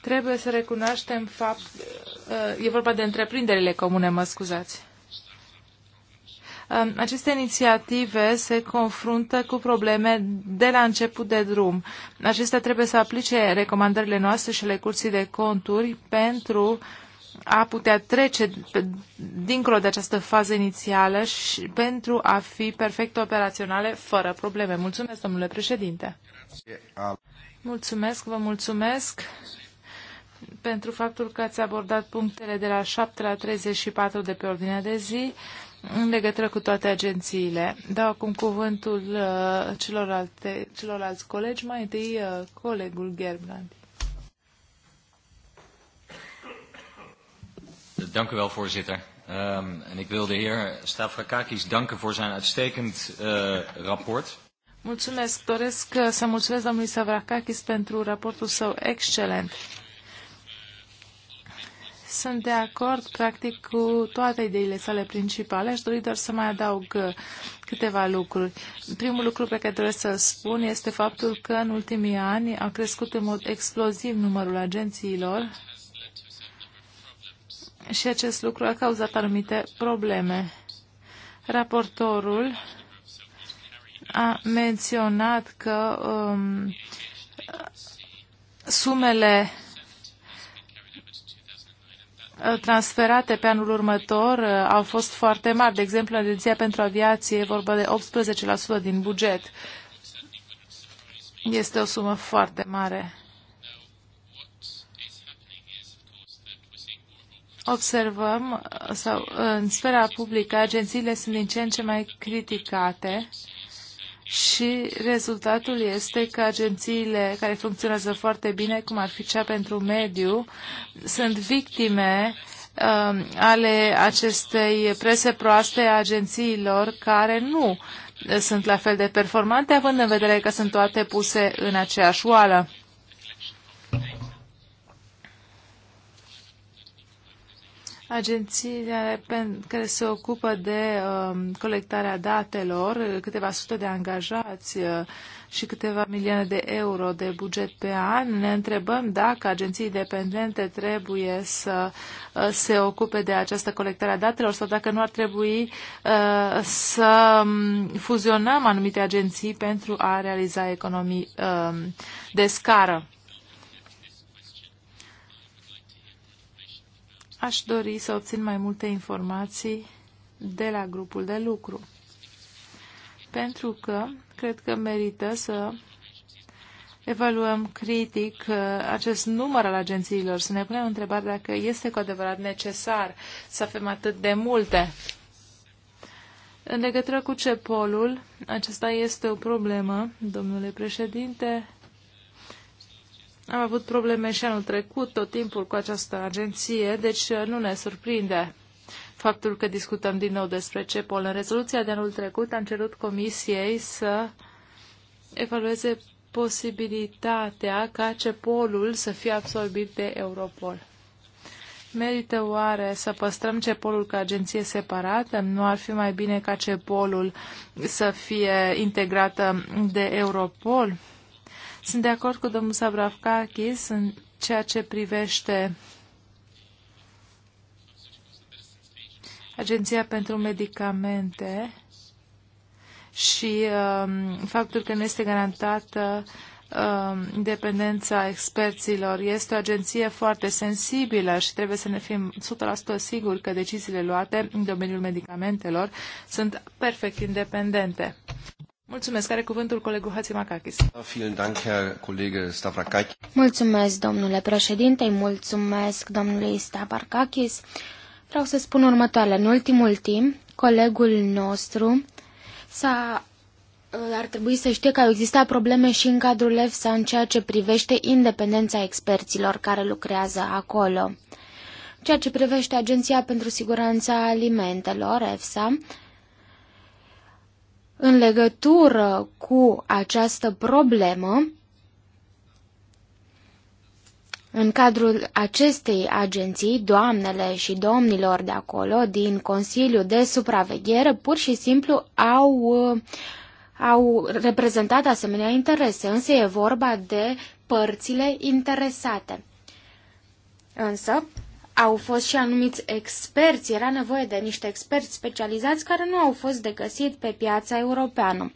trebuie să recunoaștem fapt, uh, e vorba de întreprinderile comune, mă scuzați. Aceste inițiative se confruntă cu probleme de la început de drum. Acestea trebuie să aplice recomandările noastre și ale curții de conturi pentru a putea trece dincolo de această fază inițială și pentru a fi perfect operaționale fără probleme. Mulțumesc, domnule președinte. Mulțumesc, vă mulțumesc pentru faptul că ați abordat punctele de la 7 la 34 de pe ordinea de zi în legătură cu toate agențiile. Dau acum cuvântul uh, celorlalte, celorlalți colegi, mai întâi uh, colegul Gerbrand. Dank u wel, voorzitter. Um, en ik wil de heer Stavrakakis danken voor zijn uitstekend uh, rapport. Mulțumesc. Doresc eh, să mulțumesc domnului Savrakakis pentru raportul său excelent. Sunt de acord, practic, cu toate ideile sale principale. Aș dori doar să mai adaug uh, câteva lucruri. Primul lucru pe care trebuie să spun este faptul că în ultimii ani a crescut în mod exploziv numărul agențiilor și acest lucru a cauzat anumite probleme. Raportorul a menționat că um, sumele Uh, transferate pe anul următor uh, au fost foarte mari. De exemplu, în Agenția pentru Aviație e vorba de 18% din buget. Este o sumă foarte mare. Observăm, uh, sau în sfera publică, agențiile sunt din ce în ce mai criticate și rezultatul este că agențiile care funcționează foarte bine, cum ar fi cea pentru mediu, sunt victime uh, ale acestei prese proaste a agențiilor care nu sunt la fel de performante, având în vedere că sunt toate puse în aceeași oală. agențiile care se ocupă de um, colectarea datelor, câteva sute de angajați uh, și câteva milioane de euro de buget pe an, ne întrebăm dacă agenții independente trebuie să uh, se ocupe de această colectare a datelor sau dacă nu ar trebui uh, să um, fuzionăm anumite agenții pentru a realiza economii um, de scară. Aș dori să obțin mai multe informații de la grupul de lucru, pentru că cred că merită să evaluăm critic uh, acest număr al agențiilor, să ne punem întrebarea dacă este cu adevărat necesar să avem atât de multe. În legătură cu cepolul, acesta este o problemă, domnule președinte. Am avut probleme și anul trecut tot timpul cu această agenție, deci uh, nu ne surprinde faptul că discutăm din nou despre CEPOL. În rezoluția de anul trecut am cerut Comisiei să evalueze posibilitatea ca CEPOL-ul să fie absorbit de Europol. Merită oare să păstrăm CEPOL-ul ca agenție separată? Nu ar fi mai bine ca CEPOL-ul să fie integrată de Europol? Sunt de acord cu domnul Savravkakis în ceea ce privește Agenția pentru Medicamente și um, faptul că nu este garantată um, independența experților. Este o agenție foarte sensibilă și trebuie să ne fim 100% siguri că deciziile luate în domeniul medicamentelor sunt perfect independente. Mulțumesc. Are cuvântul colegul Hatzimakakis. Mulțumesc, domnule președinte, mulțumesc domnului Stavrakakis. Vreau să spun următoarele. În ultimul timp, colegul nostru s-a ar trebui să știe că au existat probleme și în cadrul EFSA în ceea ce privește independența experților care lucrează acolo. Ceea ce privește Agenția pentru Siguranța Alimentelor, EFSA, în legătură cu această problemă, în cadrul acestei agenții, doamnele și domnilor de acolo, din Consiliul de Supraveghere, pur și simplu au, au reprezentat asemenea interese, însă e vorba de părțile interesate. Însă, au fost și anumiți experți, era nevoie de niște experți specializați care nu au fost de găsit pe piața europeană.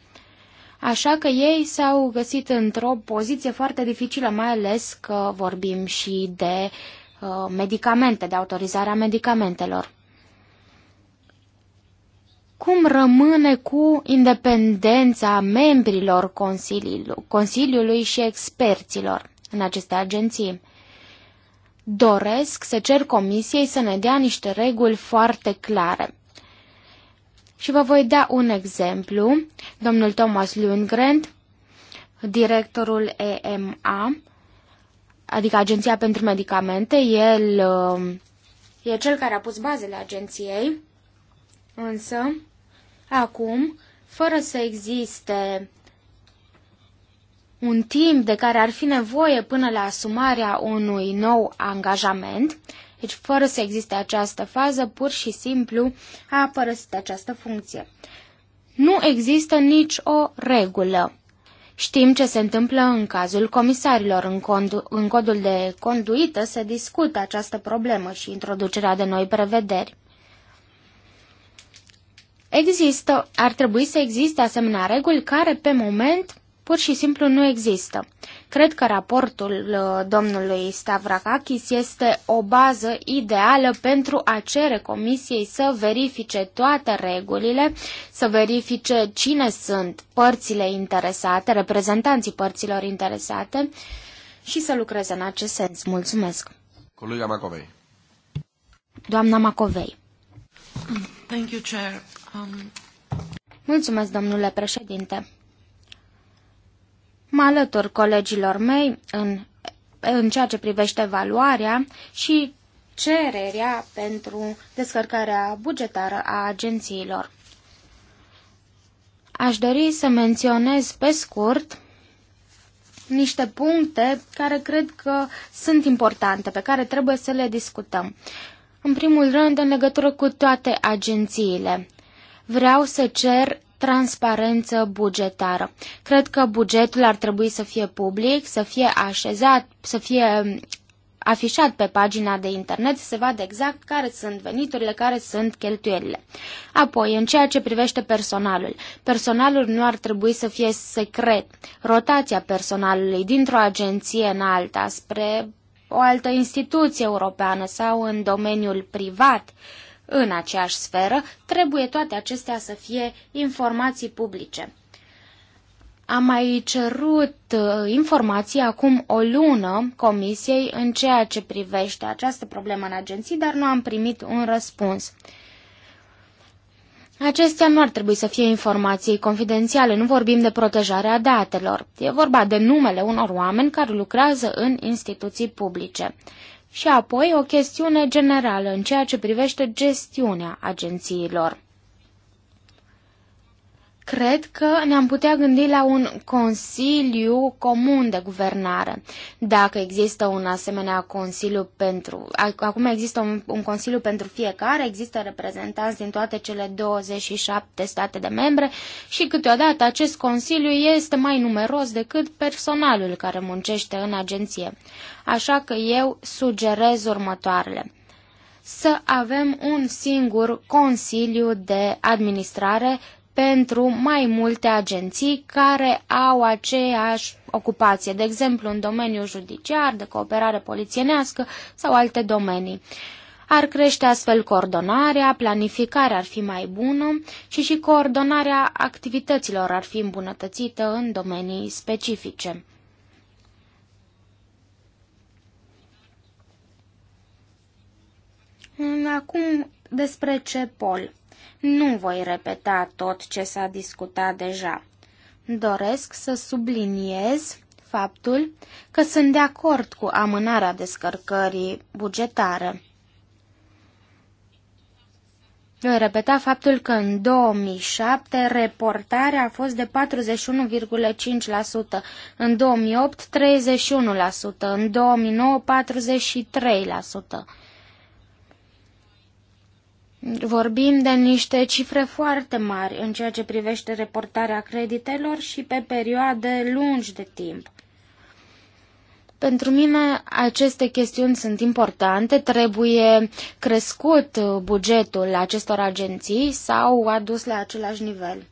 Așa că ei s-au găsit într-o poziție foarte dificilă, mai ales că vorbim și de uh, medicamente, de autorizarea medicamentelor. Cum rămâne cu independența membrilor Consiliului, Consiliului și experților în aceste agenții? doresc să cer comisiei să ne dea niște reguli foarte clare. Și vă voi da un exemplu. Domnul Thomas Lundgren, directorul EMA, adică Agenția pentru Medicamente, el uh, e cel care a pus bazele agenției, însă acum, fără să existe un timp de care ar fi nevoie până la asumarea unui nou angajament, deci fără să existe această fază, pur și simplu a părăsit această funcție. Nu există nici o regulă. Știm ce se întâmplă în cazul comisarilor. În, condu- în codul de conduită se discută această problemă și introducerea de noi prevederi. Există, ar trebui să existe asemenea reguli care pe moment pur și simplu nu există. Cred că raportul uh, domnului Stavrakakis este o bază ideală pentru a cere comisiei să verifice toate regulile, să verifice cine sunt părțile interesate, reprezentanții părților interesate și să lucreze în acest sens. Mulțumesc! Colega Macovei. Doamna Macovei. Thank you, Chair. Um... Mulțumesc, domnule președinte. Mă alătur colegilor mei în, în ceea ce privește valoarea și cererea pentru descărcarea bugetară a agențiilor. Aș dori să menționez pe scurt niște puncte care cred că sunt importante, pe care trebuie să le discutăm. În primul rând, în legătură cu toate agențiile. Vreau să cer transparență bugetară. Cred că bugetul ar trebui să fie public, să fie așezat, să fie um, afișat pe pagina de internet să se vadă exact care sunt veniturile, care sunt cheltuielile. Apoi, în ceea ce privește personalul, personalul nu ar trebui să fie secret. Rotația personalului dintr-o agenție în alta spre o altă instituție europeană sau în domeniul privat uh, în aceeași sferă, trebuie toate acestea să fie informații publice. Am mai cerut uh, informații acum o lună comisiei în ceea ce privește această problemă în agenții, dar nu am primit un răspuns. Acestea nu ar trebui să fie informații confidențiale, nu vorbim de protejarea datelor. E vorba de numele unor oameni care lucrează în instituții publice. Și apoi o chestiune generală în ceea ce privește gestiunea agențiilor. Cred că ne-am putea gândi la un consiliu comun de guvernare. Dacă există un asemenea consiliu pentru... Acum există un, un consiliu pentru fiecare, există reprezentanți din toate cele 27 state de membre și câteodată acest consiliu este mai numeros decât personalul care muncește în agenție. Așa că eu sugerez următoarele să avem un singur Consiliu de Administrare pentru mai multe agenții care au aceeași ocupație, de exemplu în domeniul judiciar, de cooperare polițienească sau alte domenii. Ar crește astfel coordonarea, planificarea ar fi mai bună și și coordonarea activităților ar fi îmbunătățită în domenii specifice. Acum despre CEPOL. Nu voi repeta tot ce s-a discutat deja. Doresc să subliniez faptul că sunt de acord cu amânarea descărcării bugetare. Voi repeta faptul că în 2007 reportarea a fost de 41,5%, în 2008 31%, în 2009 43%. Vorbim de niște cifre foarte mari în ceea ce privește reportarea creditelor și pe perioade lungi de timp. Pentru mine aceste chestiuni sunt importante, trebuie crescut bugetul acestor agenții sau adus la același nivel.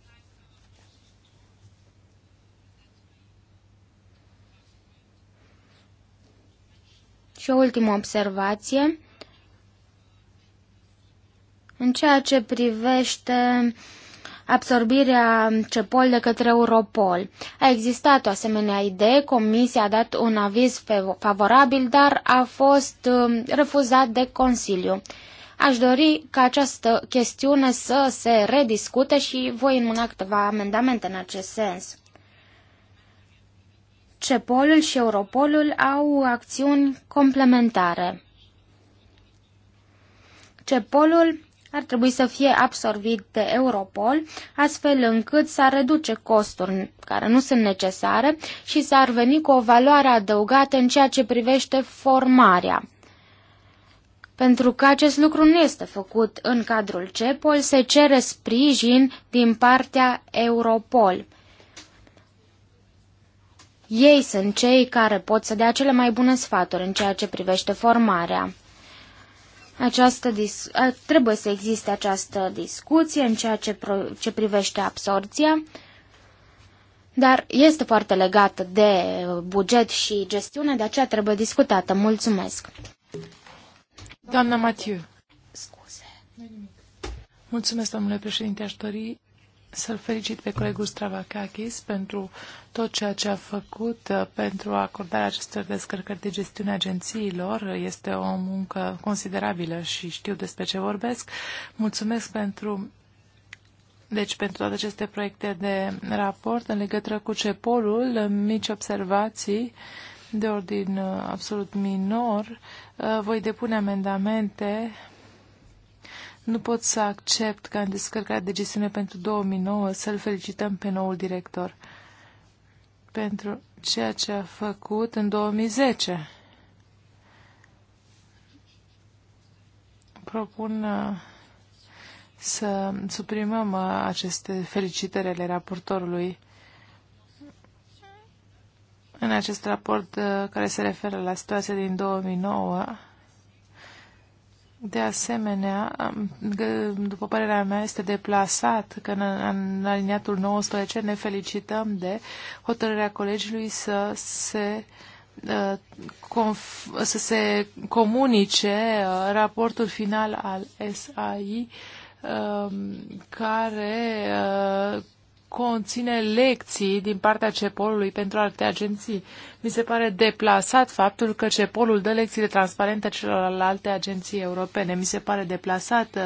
Și o ultimă observație. În ceea ce privește absorbirea CEPOL de către Europol. A existat o asemenea idee, Comisia a dat un aviz favorabil, dar a fost um, refuzat de Consiliu. Aș dori ca această chestiune să se rediscute și voi înmâna câteva amendamente în acest sens. Cepolul și Europolul au acțiuni complementare. Cepolul ar trebui să fie absorbit de Europol, astfel încât să ar reduce costuri care nu sunt necesare și să ar veni cu o valoare adăugată în ceea ce privește formarea. Pentru că acest lucru nu este făcut în cadrul CEPOL, se cere sprijin din partea Europol. Ei sunt cei care pot să dea cele mai bune sfaturi în ceea ce privește formarea. Această dis- trebuie să existe această discuție în ceea ce, pro- ce privește absorția, dar este foarte legată de buget și gestiune, de aceea trebuie discutată. Mulțumesc! Doamna Matiu. Scuze. Mulțumesc, domnule președinte. Aș dori să-l felicit pe colegul Stravakakis pentru tot ceea ce a făcut uh, pentru acordarea acestor descărcări de gestiune agențiilor. Este o muncă considerabilă și știu despre ce vorbesc. Mulțumesc pentru deci pentru toate aceste proiecte de raport în legătură cu CEPOL-ul, mici observații de ordin uh, absolut minor, uh, voi depune amendamente nu pot să accept ca în descărcarea de gestiune pentru 2009 să-l felicităm pe noul director pentru ceea ce a făcut în 2010. Propun uh, să suprimăm uh, aceste felicitări ale raportorului în acest raport uh, care se referă la situația din 2009 de asemenea, după părerea mea, este deplasat că în, în aliniatul 19 ne felicităm de hotărârea colegiului să se ă, să se comunice ă, raportul final al SAI ă, care conține lecții din partea CEPOL-ului pentru alte agenții. Mi se pare deplasat faptul că CEPOL-ul dă lecțiile transparente celorlalte agenții europene. Mi se pare deplasat uh,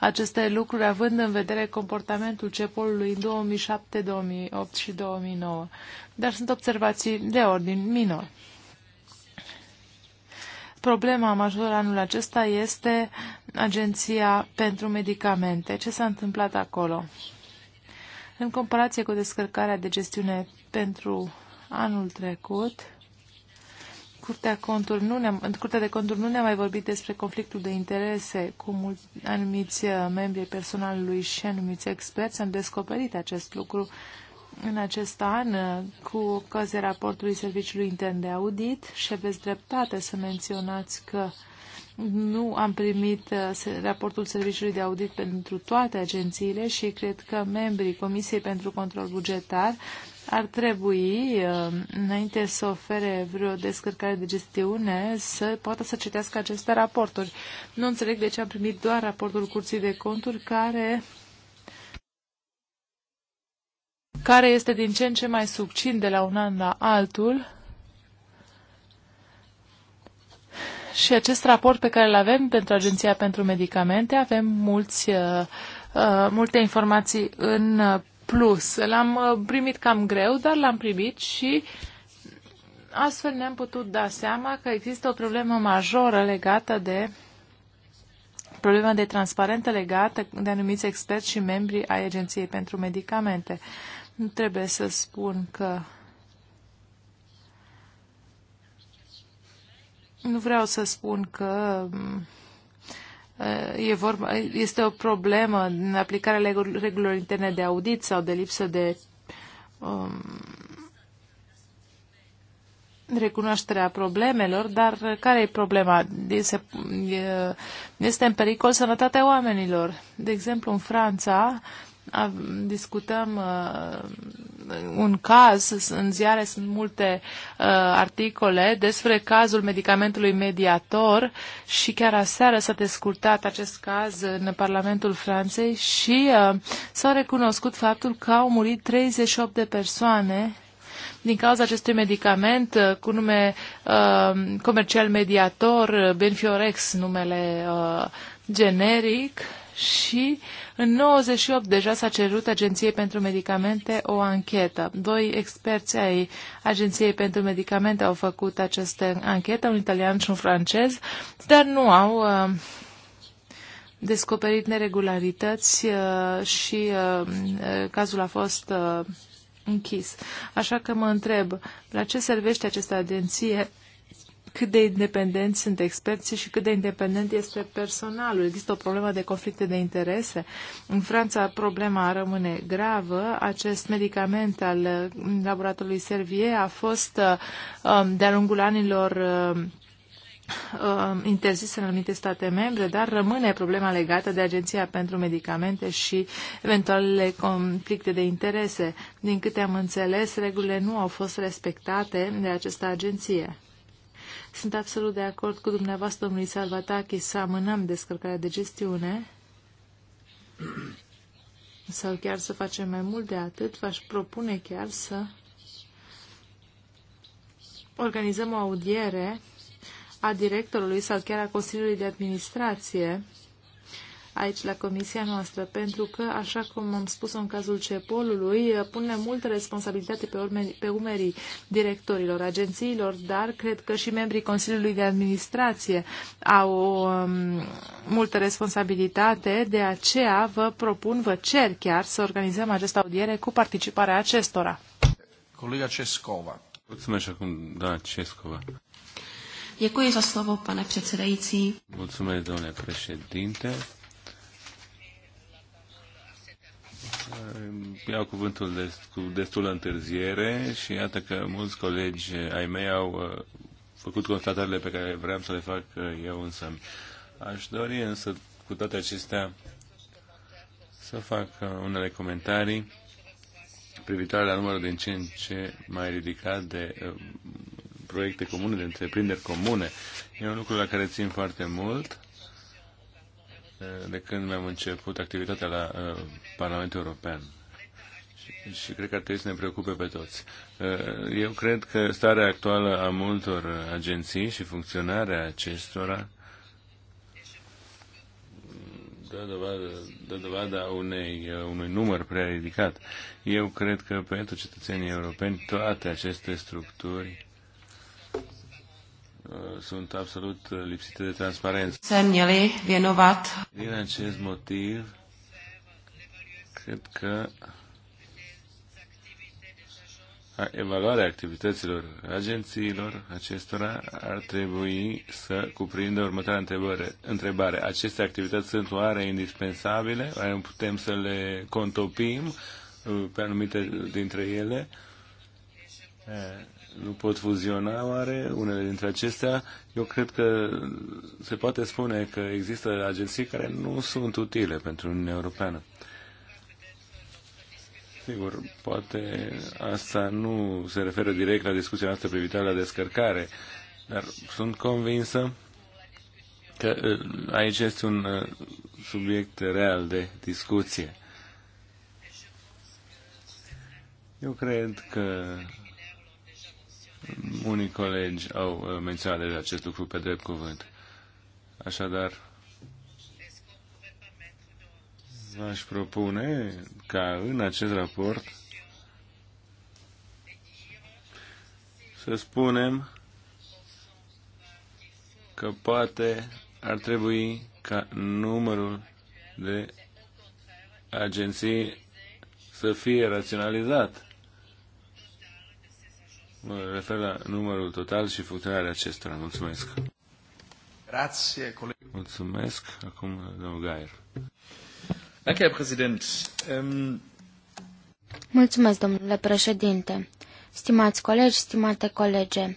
aceste lucruri având în vedere comportamentul CEPOL-ului în 2007, 2008 și 2009. Dar sunt observații de ordin minor. Problema majoră anul acesta este Agenția pentru Medicamente. Ce s-a întâmplat acolo? În comparație cu descărcarea de gestiune pentru anul trecut, Curtea, conturi nu ne în Curtea de Conturi nu ne-a mai vorbit despre conflictul de interese cu mulți, anumiți uh, membri personalului și anumiți experți. Am descoperit acest lucru în acest an uh, cu ocazia raportului Serviciului Intern de Audit și aveți dreptate să menționați că uh, nu am primit uh, raportul Serviciului de Audit pentru toate agențiile și cred că membrii Comisiei pentru Control Bugetar ar trebui, uh, înainte să ofere vreo descărcare de gestiune, să poată să citească aceste raporturi. Nu înțeleg de ce am primit doar raportul Curții de Conturi, care care este din ce în ce mai succint de la un an la altul Și acest raport pe care îl avem pentru Agenția pentru Medicamente, avem mulți, uh, uh, multe informații în uh, plus. L-am primit cam greu, dar l-am primit și astfel ne-am putut da seama că există o problemă majoră legată de problema de transparentă legată de anumiți experți și membri ai Agenției pentru Medicamente. Nu trebuie să spun că Nu vreau să spun că mm, e vorba, este o problemă în aplicarea regulilor interne de audit sau de lipsă de um, recunoașterea problemelor, dar care e problema? Este, este în pericol sănătatea oamenilor. De exemplu, în Franța discutăm uh, un caz, în ziare sunt multe uh, articole despre cazul medicamentului mediator și chiar aseară s-a descurtat acest caz în Parlamentul Franței și uh, s-a recunoscut faptul că au murit 38 de persoane din cauza acestui medicament cu nume uh, comercial mediator, Benfiorex, numele uh, generic, și în 98 deja s-a cerut Agenției pentru Medicamente o anchetă. Doi experți ai Agenției pentru Medicamente au făcut această anchetă, un italian și un francez, dar nu au uh, descoperit neregularități uh, și uh, uh cazul a fost uh, închis. Așa că mă întreb, la ce servește această agenție cât de independenți sunt experții și cât de independent este personalul. Există o problemă de conflicte de interese. În Franța problema rămâne gravă. Acest medicament al laboratorului Servier a fost um, de-a lungul anilor um, um, interzis în anumite state membre, dar rămâne problema legată de Agenția pentru Medicamente și eventualele conflicte de interese. Din câte am înțeles, regulile nu au fost respectate de această agenție. Sunt absolut de acord cu dumneavoastră, domnului Salvatachi, să amânăm descărcarea de gestiune sau chiar să facem mai mult de atât. V-aș propune chiar să organizăm o audiere a directorului sau chiar a Consiliului de Administrație aici la comisia noastră, pentru că, așa cum am spus în cazul CEPOL-ului, pune multă responsabilitate pe, urme, pe umerii directorilor, agențiilor, dar cred că și membrii Consiliului de Administrație au um, multă responsabilitate, de aceea vă propun, vă cer chiar să organizăm această audiere cu participarea acestora. Colega Cescova. Mulțumesc acum, da, Cescova. Děkuji za slovo, pane předsedající. Mulțumesc, domnule președinte. Iau cuvântul de, cu destulă întârziere și iată că mulți colegi ai mei au uh, făcut constatările pe care vreau să le fac uh, eu însă. Aș dori însă cu toate acestea să fac uh, unele comentarii privitoare la numărul din ce în ce mai ridicat de proiecte comune, de întreprinderi comune. E un lucru la care țin foarte mult de când mi-am început activitatea la uh, Parlamentul European. Și, și cred că ar trebui să ne preocupe pe toți. Uh, eu cred că starea actuală a multor agenții și funcționarea acestora dă dovadă, dă dovada unei, uh, unui număr prea ridicat. Eu cred că pentru cetățenii europeni toate aceste structuri Eh, sunt absolut eh, lipsite de transparență. Se měli věnovat. Din acest motiv, cred că evaluarea activităților agențiilor acestora ar trebui să cuprindă următoarea întrebare. întrebare. Aceste activități sunt oare indispensabile? Oare putem să le contopim eh, pe anumite dintre ele? nu pot fuziona oare unele dintre acestea? Eu cred că se poate spune că există agenții care nu sunt utile pentru Uniunea Europeană. Sigur, poate asta nu se referă direct la discuția noastră privitoare la descărcare, dar sunt convinsă că ă, aici este un ă, subiect real de discuție. Eu cred că unii colegi au uh, menționat deja acest lucru pe drept cuvânt. Așadar, aș propune ca în acest raport să spunem că poate ar trebui ca numărul de agenții să fie raționalizat Mă refer la numărul total și funcționarea acestora. Mulțumesc. Grazie, coleg. Mulțumesc. Acum, domnul Gair. Danke, Herr Präsident. Um... Mulțumesc, domnule președinte. Stimați colegi, stimate colege,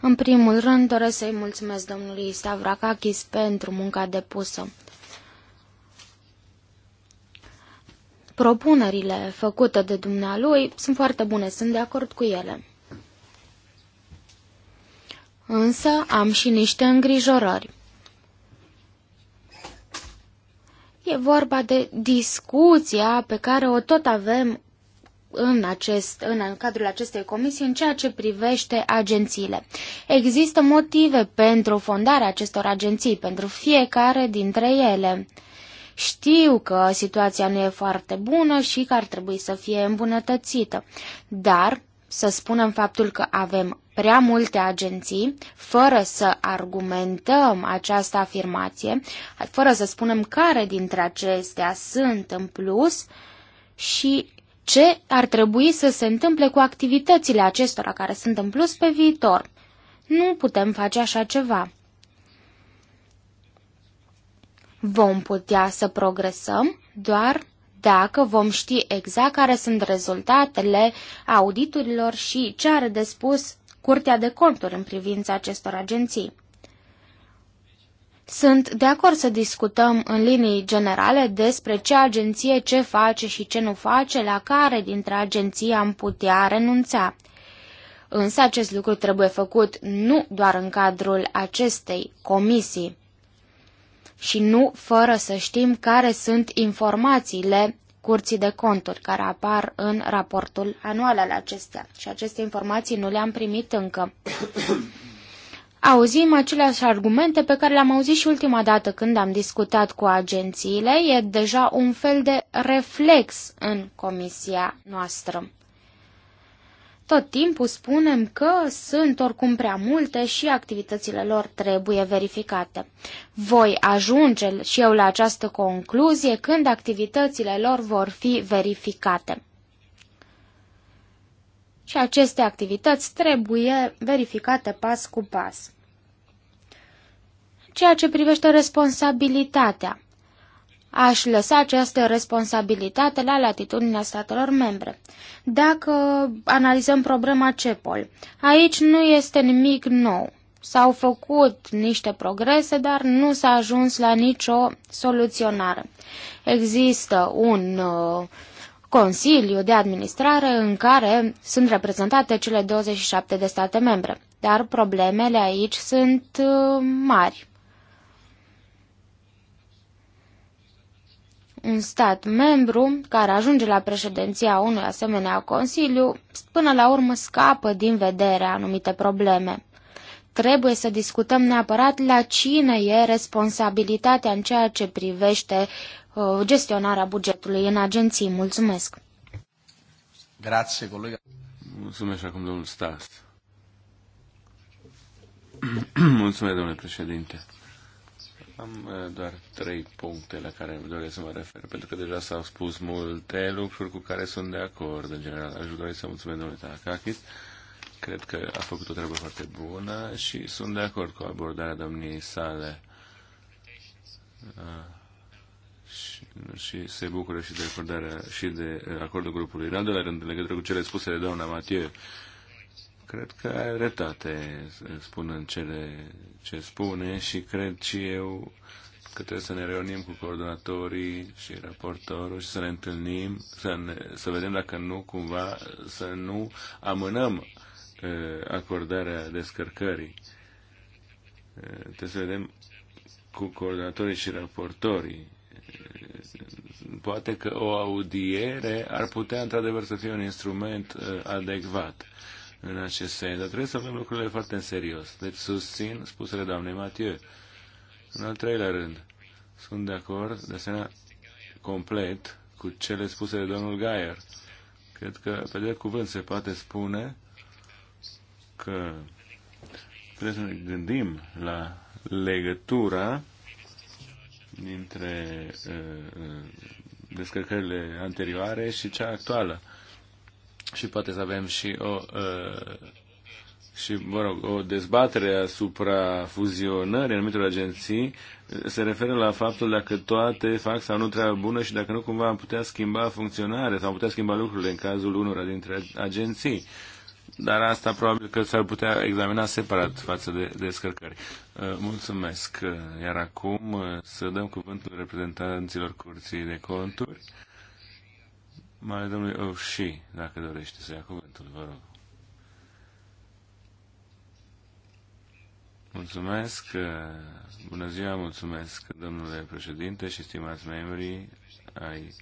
în primul rând doresc să-i mulțumesc domnului Stavrakakis pentru munca depusă. Propunerile făcute de dumnealui sunt foarte bune, sunt de acord cu ele însă am și niște îngrijorări. E vorba de discuția pe care o tot avem în, acest, în cadrul acestei comisii în ceea ce privește agențiile. Există motive pentru fondarea acestor agenții, pentru fiecare dintre ele. Știu că situația nu e foarte bună și că ar trebui să fie îmbunătățită, dar să spunem faptul că avem prea multe agenții, fără să argumentăm această afirmație, fără să spunem care dintre acestea sunt în plus și ce ar trebui să se întâmple cu activitățile acestora care sunt în plus pe viitor. Nu putem face așa ceva. Vom putea să progresăm doar dacă vom ști exact care sunt rezultatele auditurilor și ce are de spus Curtea de Conturi în privința acestor agenții. Sunt de acord să discutăm în linii generale despre ce agenție ce face și ce nu face, la care dintre agenții am putea renunța. Însă acest lucru trebuie făcut nu doar în cadrul acestei comisii și nu fără să știm care sunt informațiile curții de conturi care apar în raportul anual al acestea și aceste informații nu le-am primit încă. Auzim aceleași argumente pe care le-am auzit și ultima dată când am discutat cu agențiile, e deja un fel de reflex în comisia noastră. Tot timpul spunem că sunt oricum prea multe și activitățile lor trebuie verificate. Voi ajunge și eu la această concluzie când activitățile lor vor fi verificate. Și aceste activități trebuie verificate pas cu pas. Ceea ce privește responsabilitatea, aș lăsa această responsabilitate la latitudinea statelor membre. Dacă analizăm problema CEPOL, aici nu este nimic nou. S-au făcut niște progrese, dar nu s-a ajuns la nicio soluționare. Există un uh, Consiliu de Administrare în care sunt reprezentate cele 27 de state membre, dar problemele aici sunt uh, mari. un stat membru care ajunge la președinția unui asemenea consiliu, până la urmă scapă din vedere anumite probleme. Trebuie să discutăm neapărat la cine e responsabilitatea în ceea ce privește uh, gestionarea bugetului în agenții. Mulțumesc! Grazie, colega. Mulțumesc acum, domnul Stas. Mulțumesc, domnule președinte. Am eh, doar trei puncte la care doresc să mă refer, pentru că deja s-au spus multe lucruri cu care sunt de acord în general. Aș dori să mulțumesc domnului Tarakakis. Cred că a făcut o treabă foarte bună și sunt de acord cu abordarea domniei sale. Ah, și, și se bucură și de acordarea și de acordul grupului. În al doilea rând, în legătură cu cele spuse de doamna Mathieu, cred că are dreptate spunând cele ce spune și cred și eu că trebuie să ne reunim cu coordonatorii și raportorul și să ne întâlnim, să, ne, să vedem dacă nu cumva să nu amânăm uh, acordarea descărcării. Uh, trebuie să vedem cu coordonatorii și raportorii. Uh, poate că o audiere ar putea într-adevăr să fie un instrument uh, adecvat în acest sens. Dar trebuie să avem lucrurile foarte în serios. Deci susțin spusele doamnei Mathieu. În al treilea rând, sunt de acord, de asemenea, complet cu cele spuse de domnul Gaier. Cred că, pe drept cuvânt, se poate spune că trebuie să ne gândim la legătura dintre uh, uh descărcările anterioare și cea actuală și poate să avem și o uh, și, mă rog, o dezbatere asupra fuzionării anumitor agenții se referă la faptul dacă toate fac sau nu treaba bună și dacă nu cumva am putea schimba funcționarea sau am putea schimba lucrurile în cazul unora dintre agenții. Dar asta probabil că s-ar putea examina separat față de descărcări. Uh, mulțumesc. Iar acum uh, să dăm cuvântul reprezentanților Curții de Conturi. Mare domnului Oshi, dacă dorește să ia cuvântul, vă rog. Mulțumesc, bună ziua, mulțumesc domnule președinte și stimați membrii ai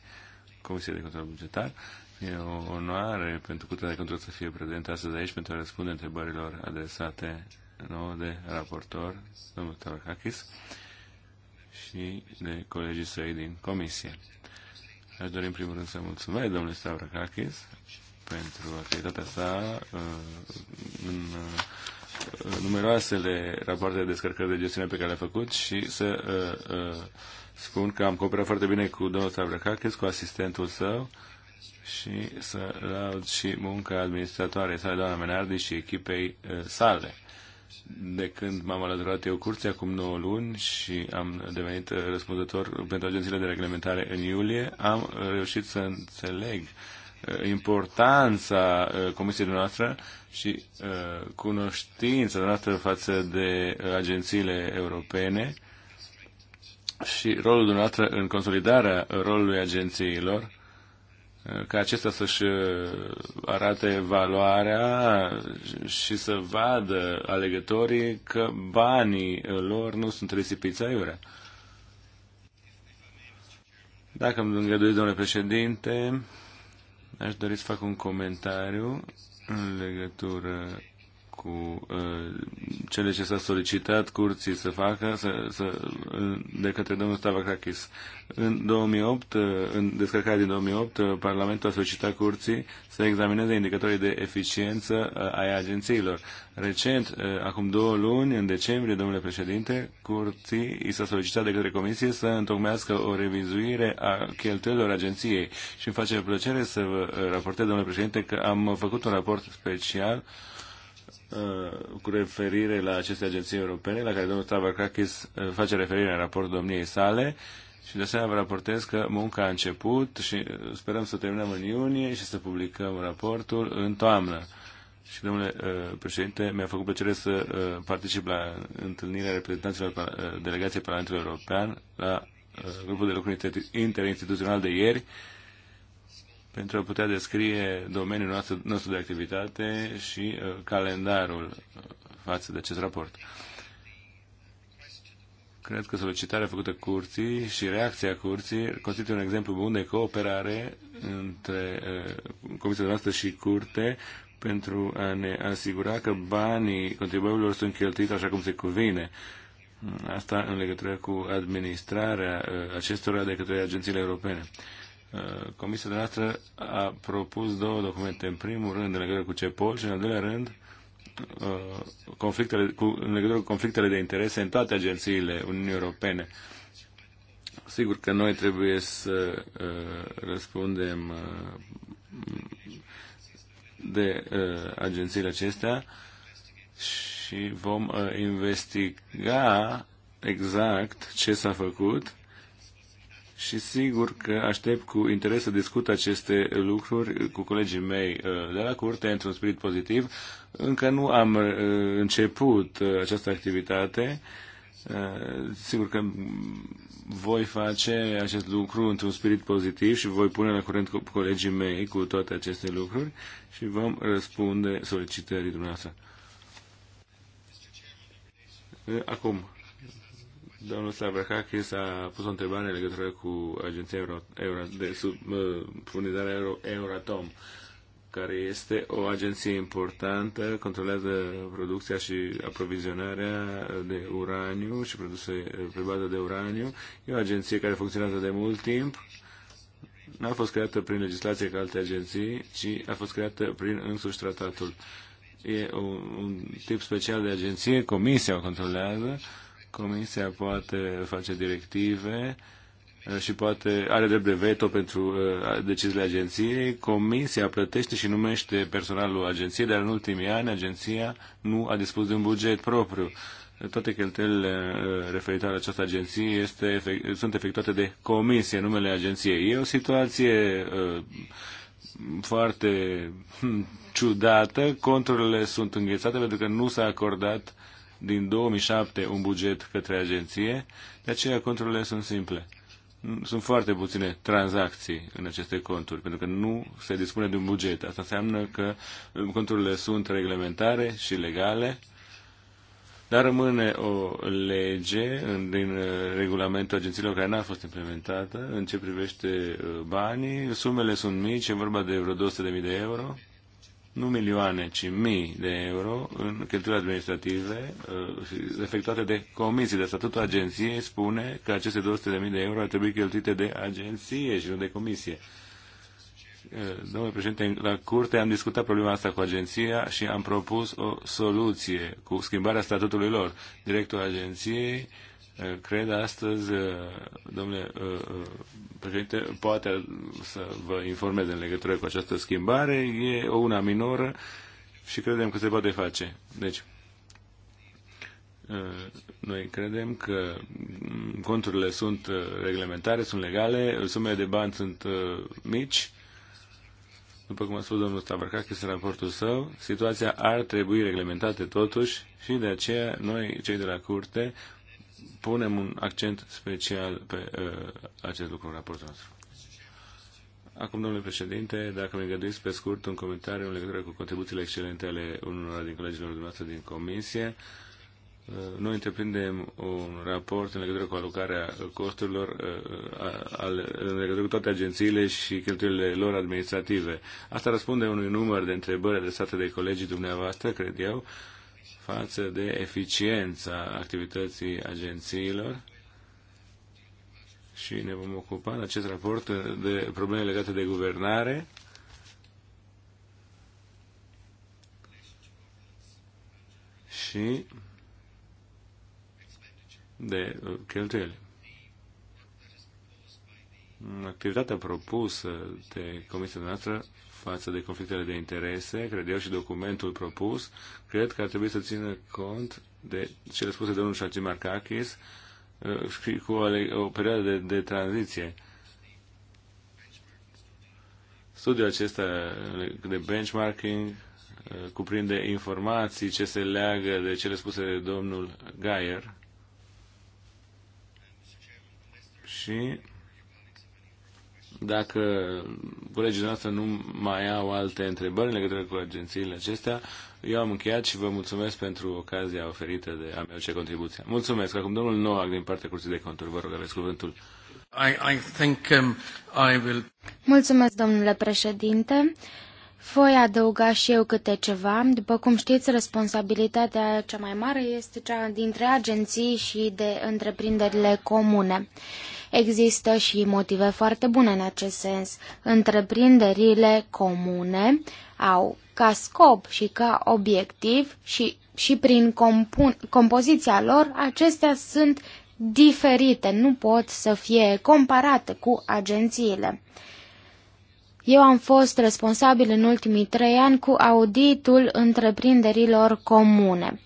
Comisiei de Control Bugetar. E o onoare pentru Curtea de Control să fie prezent astăzi aici pentru a răspunde întrebărilor adresate nouă de raportor, domnul Tavakakis, și de colegii săi din Comisie. Aș dori în primul rând să mulțumesc domnului Stavrakakis pentru activitatea sa uh, în uh, numeroasele rapoarte de descărcări de gestiune pe care le-a făcut și să uh, spun că am cooperat foarte bine cu domnul Stavrakakis, cu asistentul său și să laud și munca administratoarei sale, doamna Menardi și echipei sale de când m-am alăturat eu curții acum 9 luni și am devenit răspunzător pentru agențiile de reglementare în iulie, am reușit să înțeleg uh, importanța uh, comisiei noastre și uh, cunoștința noastră față de agențiile europene și rolul dumneavoastră în consolidarea rolului agențiilor ca acesta să-și uh, arate valoarea și să vadă alegătorii că banii lor nu sunt risipiți aiurea. Dacă îmi îngăduiți, domnule președinte, aș dori să fac un comentariu în legătură cu uh, cele ce s-a solicitat curții să facă să, să, de către domnul Stavakakis. În 2008, uh, în descărcarea din 2008, uh, Parlamentul a solicitat curții să examineze indicatorii de eficiență uh, ai agențiilor. Recent, acum două luni, în decembrie, domnule președinte, curții i s-a solicitat de către comisie să întocmească o revizuire a cheltuielor agenției și îmi face plăcere să vă raportez, domnule președinte, că am făcut un raport special uh, Uh, cu referire la aceste agenții europene, la care domnul Tavarkakis uh, face referire în raportul domniei sale și de asemenea vă raportez că munca a început și uh, sperăm să terminăm în iunie și să publicăm raportul în toamnă. Și, domnule președinte, mi-a făcut plăcere să particip la întâlnirea reprezentanților delegației Parlamentului European la grupul de lucru interinstituțional de ieri pentru a putea descrie domeniul nostru, nostru de activitate și uh, calendarul uh, față de acest raport. Cred că solicitarea făcută curții și reacția curții constituie un exemplu bun de cooperare între uh, Comisia noastră și curte pentru a ne asigura că banii contribuabililor sunt cheltuiți așa cum se cuvine. Asta în legătură cu administrarea uh, acestora de către agențiile europene. Uh, Uh, comisia de noastră a propus două documente. În primul rând, în legătură cu CEPOL și, în al doilea rând, uh, conflictele, cu, în legătură cu conflictele de interese în toate agențiile Uniunii Europene. Sigur că noi trebuie să uh, răspundem uh, de uh, agențiile acestea și vom uh, investiga exact ce s-a făcut și sigur că aștept cu interes să discut aceste lucruri cu colegii mei uh, de la curte într-un spirit pozitiv. Încă nu am uh, început uh, această activitate. Sigur că voi face acest lucru într-un spirit pozitiv și voi pune la curent cu colegii mei cu toate aceste lucruri și vom răspunde solicitării dumneavoastră. Acum, Domnul s a pus o întrebare în legătură cu Agenția Euro, Euro, de sub, uh, furnizarea Euro, Euratom, care este o agenție importantă, controlează producția și aprovizionarea de uraniu și produse pe bază de uraniu. E o agenție care funcționează de mult timp. N-a fost creată prin legislație ca alte agenții, ci a fost creată prin însuși tratatul. E un, un tip special de agenție, comisia o controlează, uh, Comisia poate face directive uh, și poate are drept de veto pentru uh, deciziile agenției. Comisia plătește și numește personalul agenției, dar în ultimii ani agenția nu a dispus de un buget propriu. Toate cheltuielile uh, referitoare la această agenție este, sunt efectuate de comisie, numele agenției. E o situație foarte hmm, ciudată. Conturile sunt înghețate pentru că nu s-a acordat din 2007 un buget către agenție, de aceea controlele sunt simple. Sunt foarte puține tranzacții în aceste conturi, pentru că nu se dispune de un buget. Asta înseamnă că conturile sunt reglementare și legale, dar rămâne o lege din uh, regulamentul agențiilor care n-a fost implementată în ce privește uh, banii. Sumele sunt mici, e vorba de vreo 200.000 de euro nu milioane, ci mii de euro în cheltuieli administrative uh, efectuate de comisii. De statutul agenției spune că aceste 200.000 de euro ar trebui cheltuite de agenție și nu de comisie. Uh, domnule președinte, la curte am discutat problema asta cu agenția și am propus o soluție cu schimbarea statutului lor. Directorul agenției Eh, cred astăzi, eh, domnule eh, președinte, poate să vă informez în legătură cu această schimbare. E una minoră și credem că se poate face. Deci, noi credem că conturile sunt reglementare, sunt legale, sumele de bani sunt mici. După cum a spus domnul Stavarcachis este raportul său, situația ar trebui reglementată totuși și de aceea noi, cei de la curte, punem un accent special pe uh, acest lucru în raportul nostru. Acum, domnule președinte, dacă mi îngăduiți pe scurt un comentariu în legătură cu contribuțiile excelente ale unora din colegilor dumneavoastră din comisie, uh, noi întreprindem un raport în legătură cu alocarea costurilor uh, în legătură cu toate agențiile și cheltuielile lor administrative. Asta răspunde unui număr de întrebări adresate de colegii dumneavoastră, cred eu, față de eficiența activității agențiilor și ne vom ocupa în acest raport de probleme legate de guvernare, și de cheltuieli activitatea propusă de comisia noastră față de conflictele de interese, cred eu, și documentul propus, cred că ar trebui să țină cont de cele spuse de domnul Șarci Marcachis uh, cu o, o perioadă de, de tranziție. Studiul acesta de benchmarking uh, cuprinde informații ce se leagă de cele spuse de domnul Gaier și dacă colegii noastre nu mai au alte întrebări în legătură cu agențiile acestea, eu am încheiat și vă mulțumesc pentru ocazia oferită de a mea contribuția. Mulțumesc. Acum domnul Noac din partea Curții de Conturi, vă rog, aveți cuvântul. I, I think, um, I will... Mulțumesc, domnule președinte. Voi adăuga și eu câte ceva. După cum știți, responsabilitatea cea mai mare este cea dintre agenții și de întreprinderile comune. Există și motive foarte bune în acest sens. Întreprinderile comune au ca scop și ca obiectiv și, și prin compoziția lor, acestea sunt diferite, nu pot să fie comparate cu agențiile. Eu am fost responsabil în ultimii trei ani cu auditul întreprinderilor comune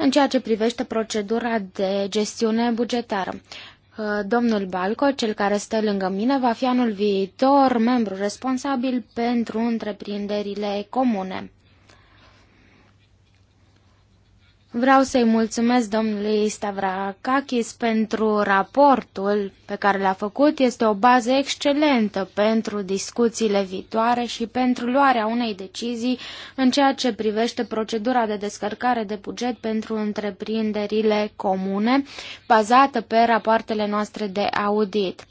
în ceea ce privește procedura de gestiune bugetară. Uh, domnul Balco, cel care stă lângă mine, va fi anul viitor membru responsabil pentru întreprinderile comune. Vreau să-i mulțumesc domnului Stavrakakis pentru raportul pe care l-a făcut. Este o bază excelentă pentru discuțiile viitoare și pentru luarea unei decizii în ceea ce privește procedura de descărcare de buget pentru întreprinderile comune, bazată pe rapoartele noastre de audit.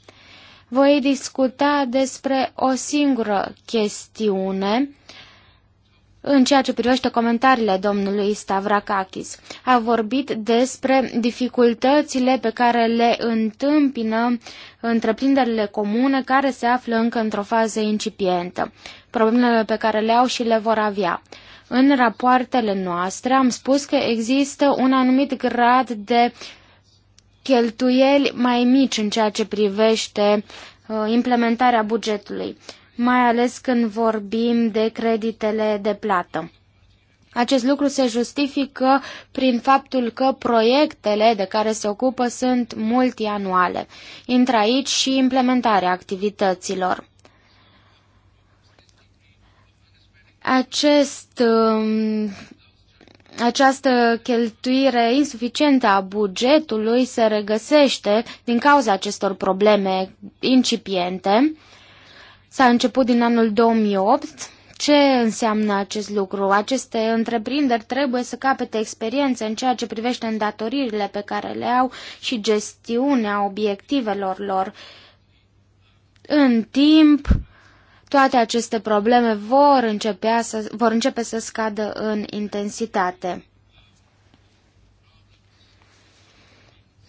Voi discuta despre o singură chestiune în ceea ce privește comentariile domnului Stavrakakis. A vorbit despre dificultățile pe care le întâmpină întreprinderile comune care se află încă într-o fază incipientă, problemele pe care le au și le vor avea. În rapoartele noastre am spus că există un anumit grad de cheltuieli mai mici în ceea ce privește uh, implementarea bugetului mai ales când vorbim de creditele de plată. Acest lucru se justifică prin faptul că proiectele de care se ocupă sunt multianuale. Intră aici și implementarea activităților. Acest, um, această cheltuire insuficientă a bugetului se regăsește din cauza acestor probleme incipiente S-a început din anul 2008. Ce înseamnă acest lucru? Aceste întreprinderi trebuie să capete experiență în ceea ce privește îndatoririle pe care le au și gestiunea obiectivelor lor. În timp, toate aceste probleme vor, începea să, vor începe să scadă în intensitate.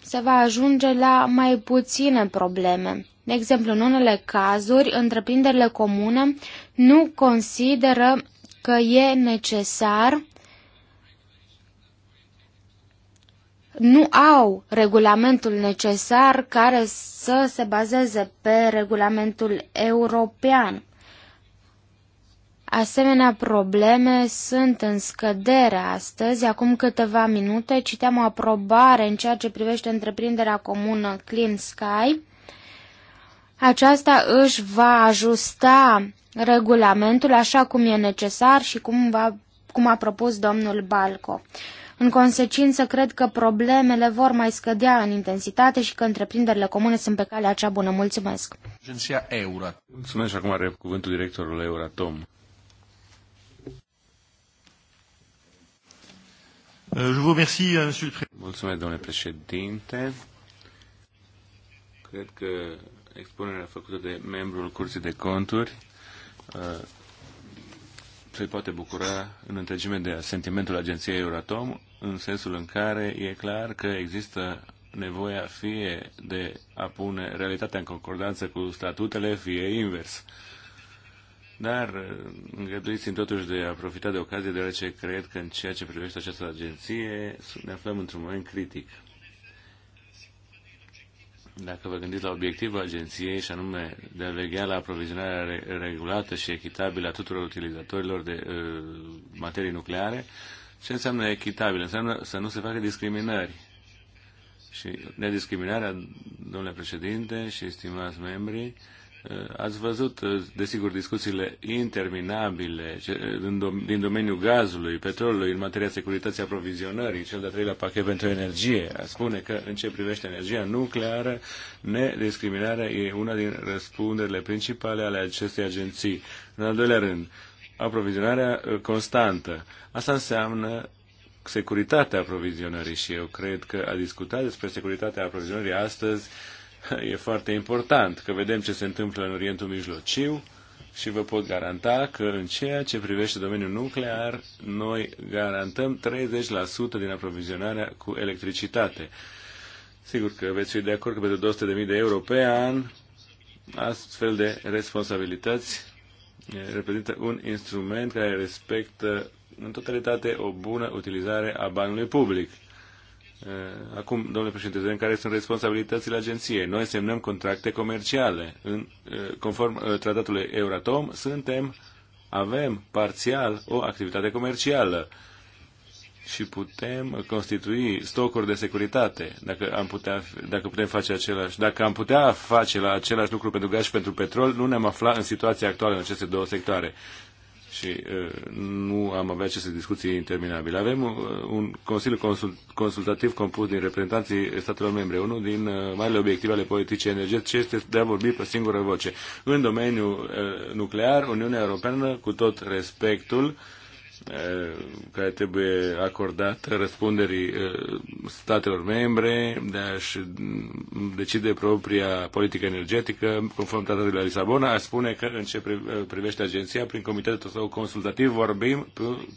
Se va ajunge la mai puține probleme. De exemplu, în unele cazuri, întreprinderile comune nu consideră că e necesar nu au regulamentul necesar care să se bazeze pe regulamentul european. Asemenea probleme sunt în scădere astăzi. Acum câteva minute citeam o aprobare în ceea ce privește întreprinderea comună Clean Sky aceasta își va ajusta regulamentul așa cum e necesar și cum, va, cum a propus domnul Balco. În consecință, cred că problemele vor mai scădea în intensitate și că întreprinderile comune sunt pe calea cea bună. Mulțumesc! Agenția Eura. Mulțumesc și acum are cuvântul directorul Euratom. Euh, euh, Mulțumesc, domnule președinte. Cred că expunerea făcută de membrul Curții de Conturi uh, se poate bucura în întregime de sentimentul agenției Euratom, în sensul în care e clar că există nevoia fie de a pune realitatea în concordanță cu statutele, fie invers. Dar uh, îngăduiți-mi totuși de a profita de ocazie, deoarece cred că în ceea ce privește această agenție ne aflăm într-un moment critic dacă vă gândiți la obiectivul agenției, și anume de a veghea la aprovizionarea regulată și echitabilă a tuturor utilizatorilor de uh, materii nucleare, ce înseamnă echitabil? Înseamnă să nu se facă discriminări. Și nediscriminarea, domnule președinte și stimați membrii, uh, Eh, ați văzut, eh, desigur, discuțiile interminabile eh, din domeniul gazului, petrolului, în materia securității aprovizionării, cel de-al treilea pachet pentru energie. A spune că, în ce privește energia nucleară, nediscriminarea e una din răspunderile principale ale acestei agenții. În al doilea rând, aprovizionarea constantă. Asta înseamnă securitatea aprovizionării și eu cred că a discuta despre securitatea aprovizionării astăzi e foarte important, că vedem ce se întâmplă în Orientul Mijlociu și vă pot garanta că în ceea ce privește domeniul nuclear, noi garantăm 30% din aprovizionarea cu electricitate. Sigur că veți fi de acord că pentru 200.000 de euro pe an, astfel de responsabilități eh, reprezintă un instrument care respectă în totalitate o bună utilizare a banului public. Eh, acum, domnule președinte, vedem care sunt responsabilitățile agenției. Noi semnăm contracte comerciale. În, eh, conform eh, tratatului Euratom, suntem, avem parțial o activitate comercială și putem constitui stocuri de securitate, dacă, am putea, dacă putem face același. Dacă am putea face la același lucru pentru gaz și pentru petrol, nu ne-am aflat în situația actuală în aceste două sectoare și nu am avea aceste discuții interminabile. Avem un Consiliu Consultativ compus din reprezentanții statelor membre. Unul din marile obiective ale politicii energetice este de a vorbi pe singură voce. În domeniul nuclear, Uniunea Europeană, cu tot respectul, care trebuie acordată răspunderii statelor membre de a-și decide propria politică energetică conform tratatului la Lisabona, aș spune că în ce privește agenția, prin comitetul său consultativ vorbim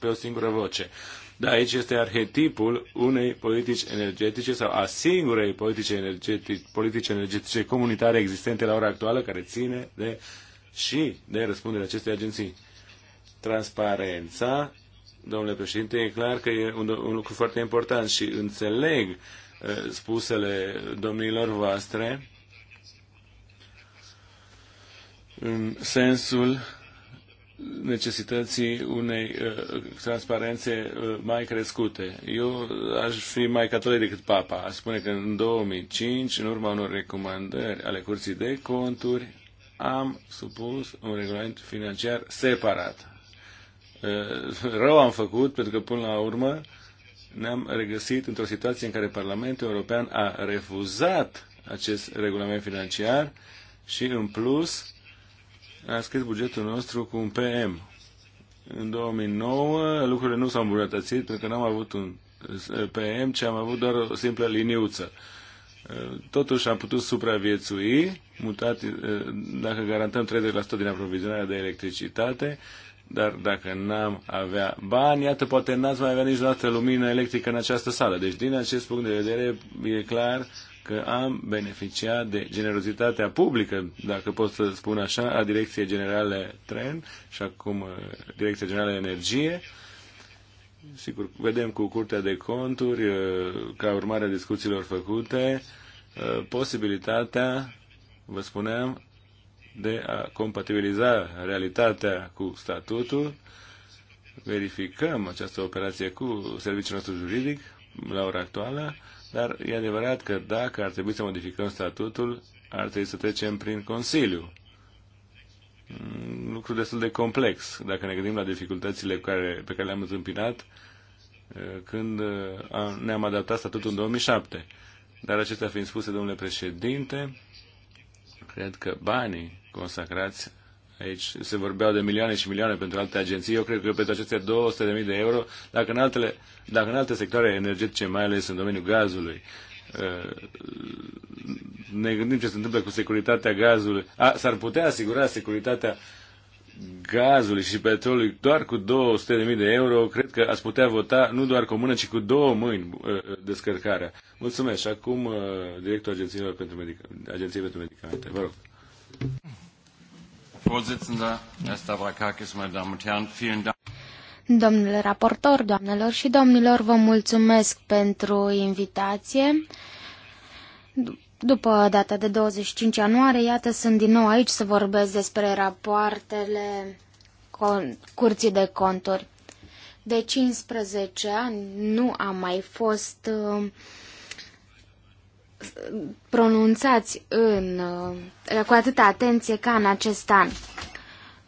pe o singură voce. Da, aici este arhetipul unei politici energetice sau a singurei politici energetice, politici energetice comunitare existente la ora actuală care ține de și de răspunderea acestei agenții transparența, domnule președinte, e clar că e un, un lucru foarte important și înțeleg uh, spusele domnilor voastre în sensul necesității unei uh, transparențe uh, mai crescute. Eu aș fi mai catolic decât Papa. Aș spune că în 2005, în urma unor recomandări ale Curții de Conturi, am supus un regulament financiar separat Eh, rău am făcut, pentru că până la urmă ne-am regăsit într-o situație în care Parlamentul European a refuzat acest regulament financiar și, în plus, a scris bugetul nostru cu un PM. În 2009 lucrurile nu s-au îmbunătățit pentru că n-am avut un eh, PM, ci am avut doar o simplă liniuță. Eh, totuși am putut supraviețui, mutat, dacă garantăm 30% din aprovizionarea de electricitate, dar dacă n-am avea bani, iată, poate n-ați mai avea niciodată lumină electrică în această sală. Deci, din acest punct de vedere, e clar că am beneficiat de generozitatea publică, dacă pot să spun așa, a Direcției Generale Tren și acum uh, Direcția Generală Energie. Sigur, vedem cu Curtea de Conturi, uh, ca urmare a discuțiilor făcute, uh, posibilitatea, vă spuneam, de a compatibiliza realitatea cu statutul. Verificăm această operație cu serviciul nostru juridic la ora actuală, dar e adevărat că dacă ar trebui să modificăm statutul, ar trebui să trecem prin Consiliu. Un lucru destul de complex, dacă ne gândim la dificultățile pe care, pe care le-am întâmpinat eh, când eh, ne-am adaptat statutul în 2007. Dar acestea fiind spuse, domnule președinte, cred că banii consacrați Aici se vorbeau de milioane și milioane pentru alte agenții. Eu cred că pentru aceste 200.000 de euro, dacă în, altele, dacă în alte sectoare energetice, mai ales în domeniul gazului, uh, ne gândim ce se întâmplă cu securitatea gazului. A, s-ar putea asigura securitatea gazului și petrolului doar cu 200.000 de euro, cred că ați putea vota nu doar cu o mână, ci cu două mâini uh, descărcarea. Mulțumesc. Și acum uh, directorul Agenției pentru, Medic- Agenției pentru Medicamente. Vă rog. Domnule raportor, doamnelor și domnilor, vă mulțumesc pentru invitație. După data de 25 ianuarie, iată, sunt din nou aici să vorbesc despre rapoartele curții de conturi. De 15 ani nu am mai fost uh, pronunțați în, uh, cu atâta atenție ca în acest an.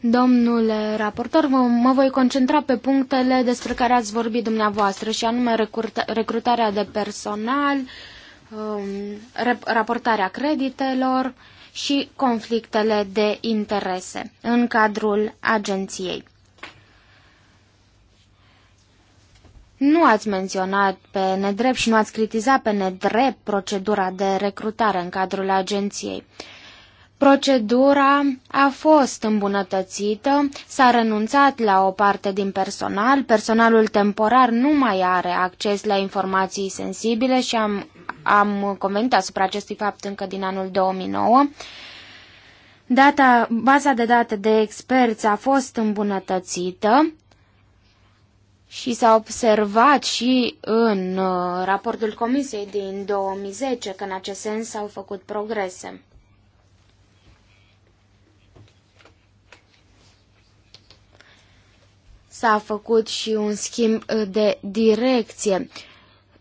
Domnule raportor, mă, mă voi concentra pe punctele despre care ați vorbit dumneavoastră, și anume recrutarea de personal, um, raportarea creditelor și conflictele de interese în cadrul agenției. Nu ați menționat pe nedrept și nu ați critizat pe nedrept procedura de recrutare în cadrul agenției. Procedura a fost îmbunătățită, s-a renunțat la o parte din personal, personalul temporar nu mai are acces la informații sensibile și am, am comentat asupra acestui fapt încă din anul 2009. Data, baza de date de experți a fost îmbunătățită, și s-a observat și în uh, raportul Comisiei din 2010 că în acest sens s-au făcut progrese. S-a făcut și un schimb de direcție.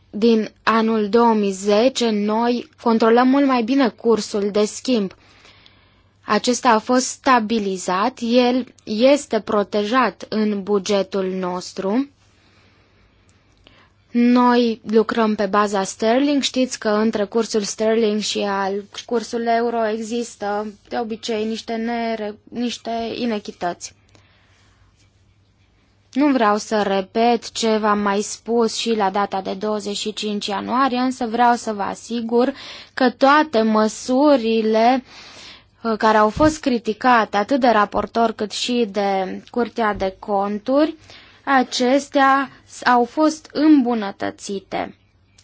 Din anul 2010 noi controlăm mult mai bine cursul de schimb. Acesta a fost stabilizat, el este protejat în bugetul nostru noi lucrăm pe baza sterling. Știți că între cursul sterling și al cursul euro există de obicei niște, nere, niște inechități. Nu vreau să repet ce v-am mai spus și la data de 25 ianuarie, însă vreau să vă asigur că toate măsurile uh, care au fost criticate atât de raportor cât și de Curtea de Conturi acestea au fost îmbunătățite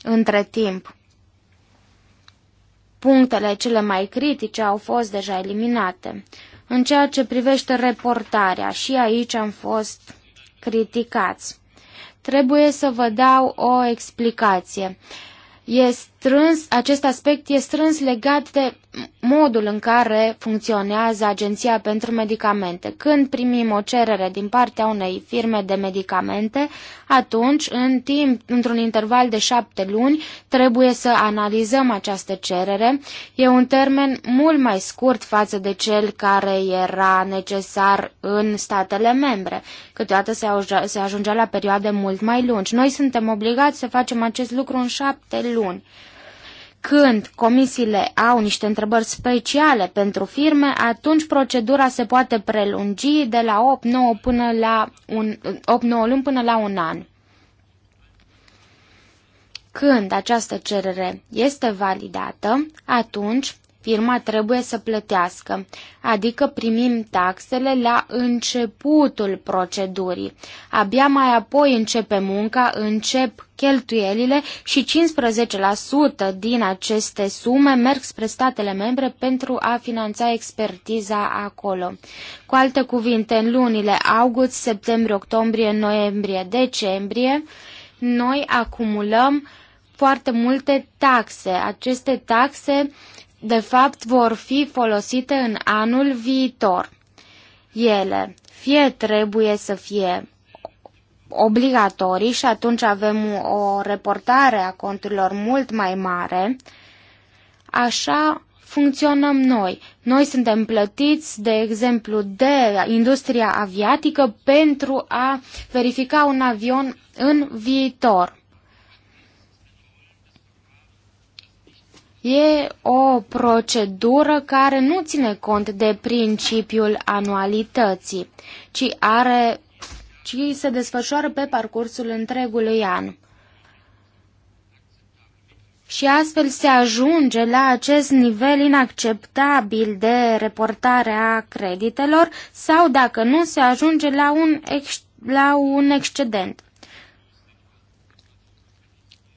între timp. Punctele cele mai critice au fost deja eliminate. În ceea ce privește reportarea, și aici am fost criticați. Trebuie să vă dau o explicație. E strâns, acest aspect e strâns legat de modul în care funcționează Agenția pentru Medicamente. Când primim o cerere din partea unei firme de medicamente, atunci, în timp, într-un interval de șapte luni, trebuie să analizăm această cerere. E un termen mult mai scurt față de cel care era necesar în statele membre. Câteodată se ajungea la perioade mult mai lungi. Noi suntem obligați să facem acest lucru în șapte luni. Când comisiile au niște întrebări speciale pentru firme, atunci procedura se poate prelungi de la 8-9 până la un, 8-9 luni până la un an. Când această cerere este validată, atunci firma trebuie să plătească, adică primim taxele la începutul procedurii. Abia mai apoi începe munca, încep cheltuielile și 15% din aceste sume merg spre statele membre pentru a finanța expertiza acolo. Cu alte cuvinte, în lunile august, septembrie, octombrie, noiembrie, decembrie, noi acumulăm foarte multe taxe. Aceste taxe de fapt vor fi folosite în anul viitor. Ele fie trebuie să fie obligatorii și atunci avem o reportare a conturilor mult mai mare, așa funcționăm noi. Noi suntem plătiți, de exemplu, de industria aviatică pentru a verifica un avion în viitor. E o procedură care nu ține cont de principiul anualității, ci, are, ci se desfășoară pe parcursul întregului an. Și astfel se ajunge la acest nivel inacceptabil de reportare a creditelor sau, dacă nu, se ajunge la un, ex, la un excedent.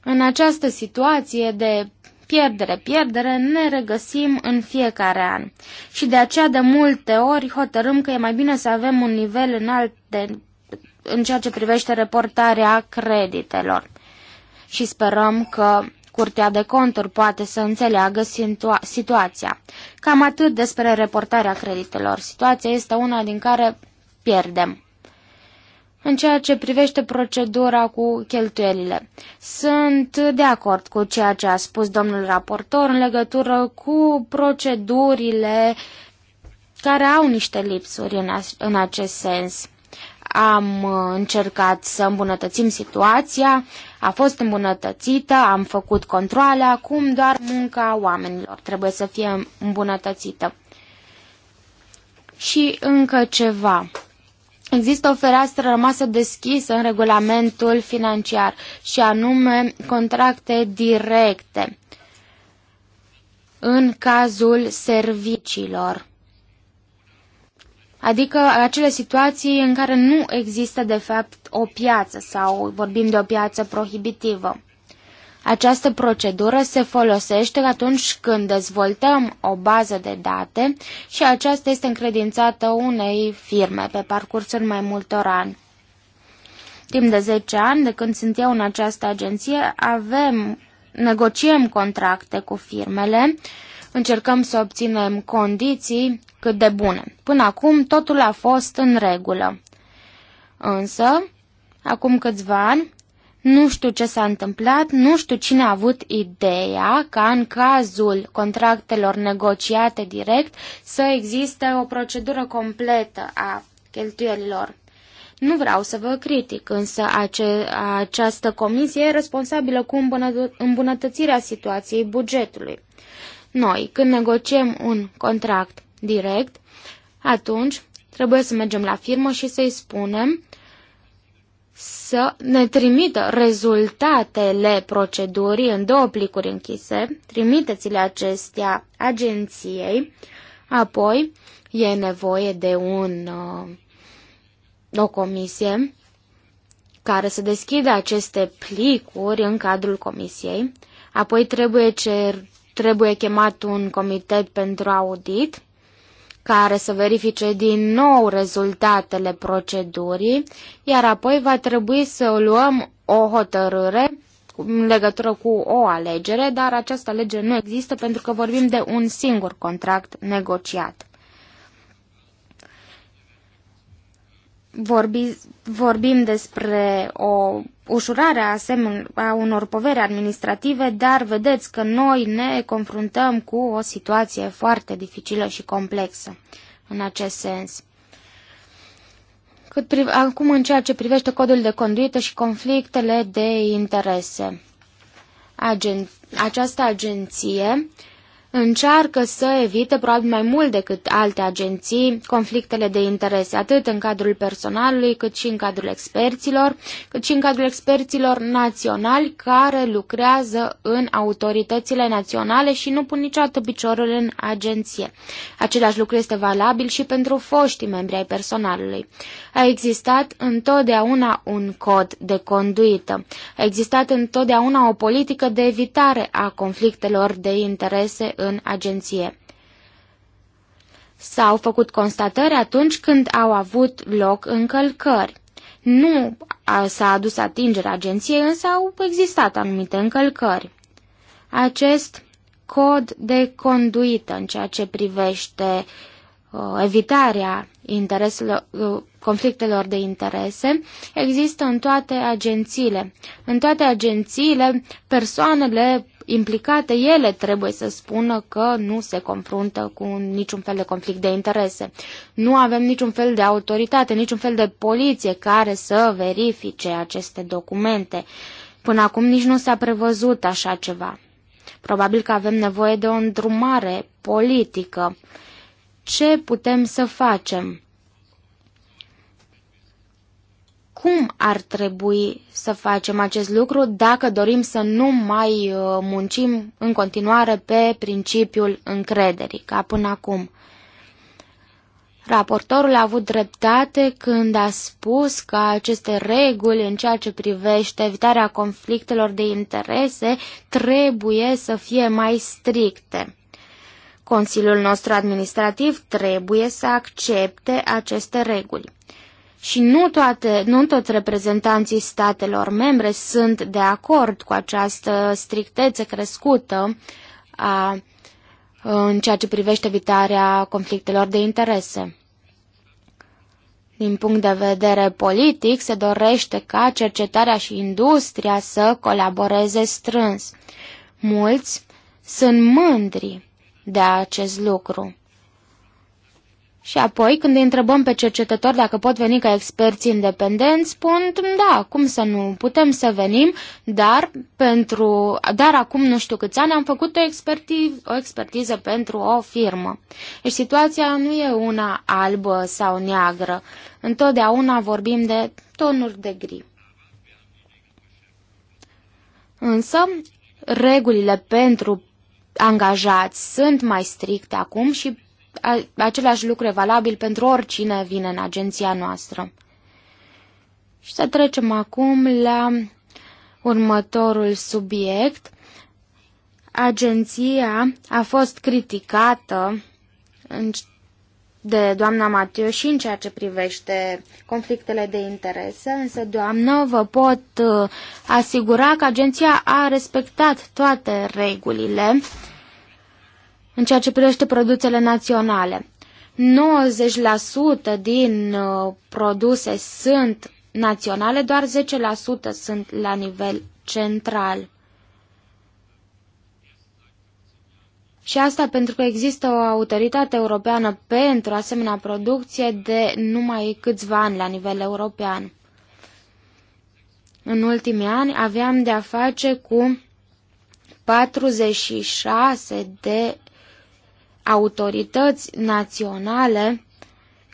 În această situație de pierdere, pierdere, ne regăsim în fiecare an. Și de aceea de multe ori hotărâm că e mai bine să avem un nivel înalt de, în ceea ce privește reportarea creditelor. Și sperăm că Curtea de conturi poate să înțeleagă situa situația. Cam atât despre reportarea creditelor. Situația este una din care pierdem. În ceea ce privește procedura cu cheltuielile, sunt de acord cu ceea ce a spus domnul raportor în legătură cu procedurile care au niște lipsuri în, acest sens. Am uh, încercat să îmbunătățim situația, a fost îmbunătățită, am făcut controle, acum doar munca oamenilor trebuie să fie îmbunătățită. Și încă ceva. Există o fereastră rămasă deschisă în regulamentul financiar și anume contracte directe în cazul serviciilor. Adică acele situații în care nu există de fapt o piață sau vorbim de o piață prohibitivă. Această procedură se folosește atunci când dezvoltăm o bază de date și aceasta este încredințată unei firme pe parcursul mai multor ani. Timp de 10 ani, de când sunt eu în această agenție, avem, negociem contracte cu firmele, încercăm să obținem condiții cât de bune. Până acum totul a fost în regulă. Însă, acum câțiva ani, nu știu ce s-a întâmplat, nu știu cine a avut ideea ca în cazul contractelor negociate direct să existe o procedură completă a cheltuielilor. Nu vreau să vă critic, însă ace această comisie e responsabilă cu îmbunătățirea situației bugetului. Noi, când negociem un contract direct, atunci trebuie să mergem la firmă și să-i spunem să ne trimită rezultatele procedurii în două plicuri închise, trimiteți-le acestea agenției, apoi e nevoie de un, uh, o comisie care să deschidă aceste plicuri în cadrul comisiei, apoi trebuie, cer, trebuie chemat un comitet pentru audit, care să verifice din nou rezultatele procedurii, iar apoi va trebui să luăm o hotărâre în legătură cu o alegere, dar această alegere nu există pentru că vorbim de un singur contract negociat. Vorbi, vorbim despre o ușurarea a unor povere administrative, dar vedeți că noi ne confruntăm cu o situație foarte dificilă și complexă în acest sens. Cât Acum, în ceea ce privește codul de conduită și conflictele de interese, Agen... această agenție uh, încearcă să evite, probabil mai mult decât alte agenții, conflictele de interese, atât în cadrul personalului, cât și în cadrul experților, cât și în cadrul experților naționali care lucrează în autoritățile naționale și nu pun niciodată piciorul în agenție. Același lucru este valabil și pentru foștii membri ai personalului. A existat întotdeauna un cod de conduită. A existat întotdeauna o politică de evitare a conflictelor de interese în agenție. S-au făcut constatări atunci când au avut loc încălcări. Nu s-a adus atingerea agenției, însă au existat anumite încălcări. Acest cod de conduită în ceea ce privește uh, evitarea intereselor, uh, conflictelor de interese există în toate agențiile. În toate agențiile, persoanele implicate, ele trebuie să spună că nu se confruntă cu niciun fel de conflict de interese. Nu avem niciun fel de autoritate, niciun fel de poliție care să verifice aceste documente. Până acum nici nu s-a prevăzut așa ceva. Probabil că avem nevoie de o îndrumare politică. Ce putem să facem? cum ar trebui să facem acest lucru dacă dorim să nu mai uh, muncim în continuare pe principiul încrederii, ca până acum. Raportorul a avut dreptate când a spus că aceste reguli în ceea ce privește evitarea conflictelor de interese trebuie să fie mai stricte. Consiliul nostru administrativ trebuie să accepte aceste reguli și nu, toate, nu toți reprezentanții statelor membre sunt de acord cu această strictețe crescută a, în ceea ce privește evitarea conflictelor de interese. Din punct de vedere politic, se dorește ca cercetarea și industria să colaboreze strâns. Mulți sunt mândri de acest lucru. Și apoi, când îi întrebăm pe cercetători dacă pot veni ca experți independenți, spun, da, cum să nu, putem să venim, dar, pentru, dar acum nu știu câți ani am făcut o, experti, o expertiză pentru o firmă. Deci situația nu e una albă sau neagră. Întotdeauna vorbim de tonuri de gri. Însă, regulile pentru angajați sunt mai stricte acum și același lucru e valabil pentru oricine vine în agenția noastră. Și să trecem acum la următorul subiect. Agenția a fost criticată de doamna Matiu și în ceea ce privește conflictele de interese, însă, doamnă, vă pot uh, asigura că agenția a respectat toate regulile în ceea ce privește produsele naționale. 90% din uh, produse sunt naționale, doar 10% sunt la nivel central. Și asta pentru că există o autoritate europeană pentru asemenea producție de numai câțiva ani la nivel european. În ultimii ani aveam de-a face cu 46 de autorități naționale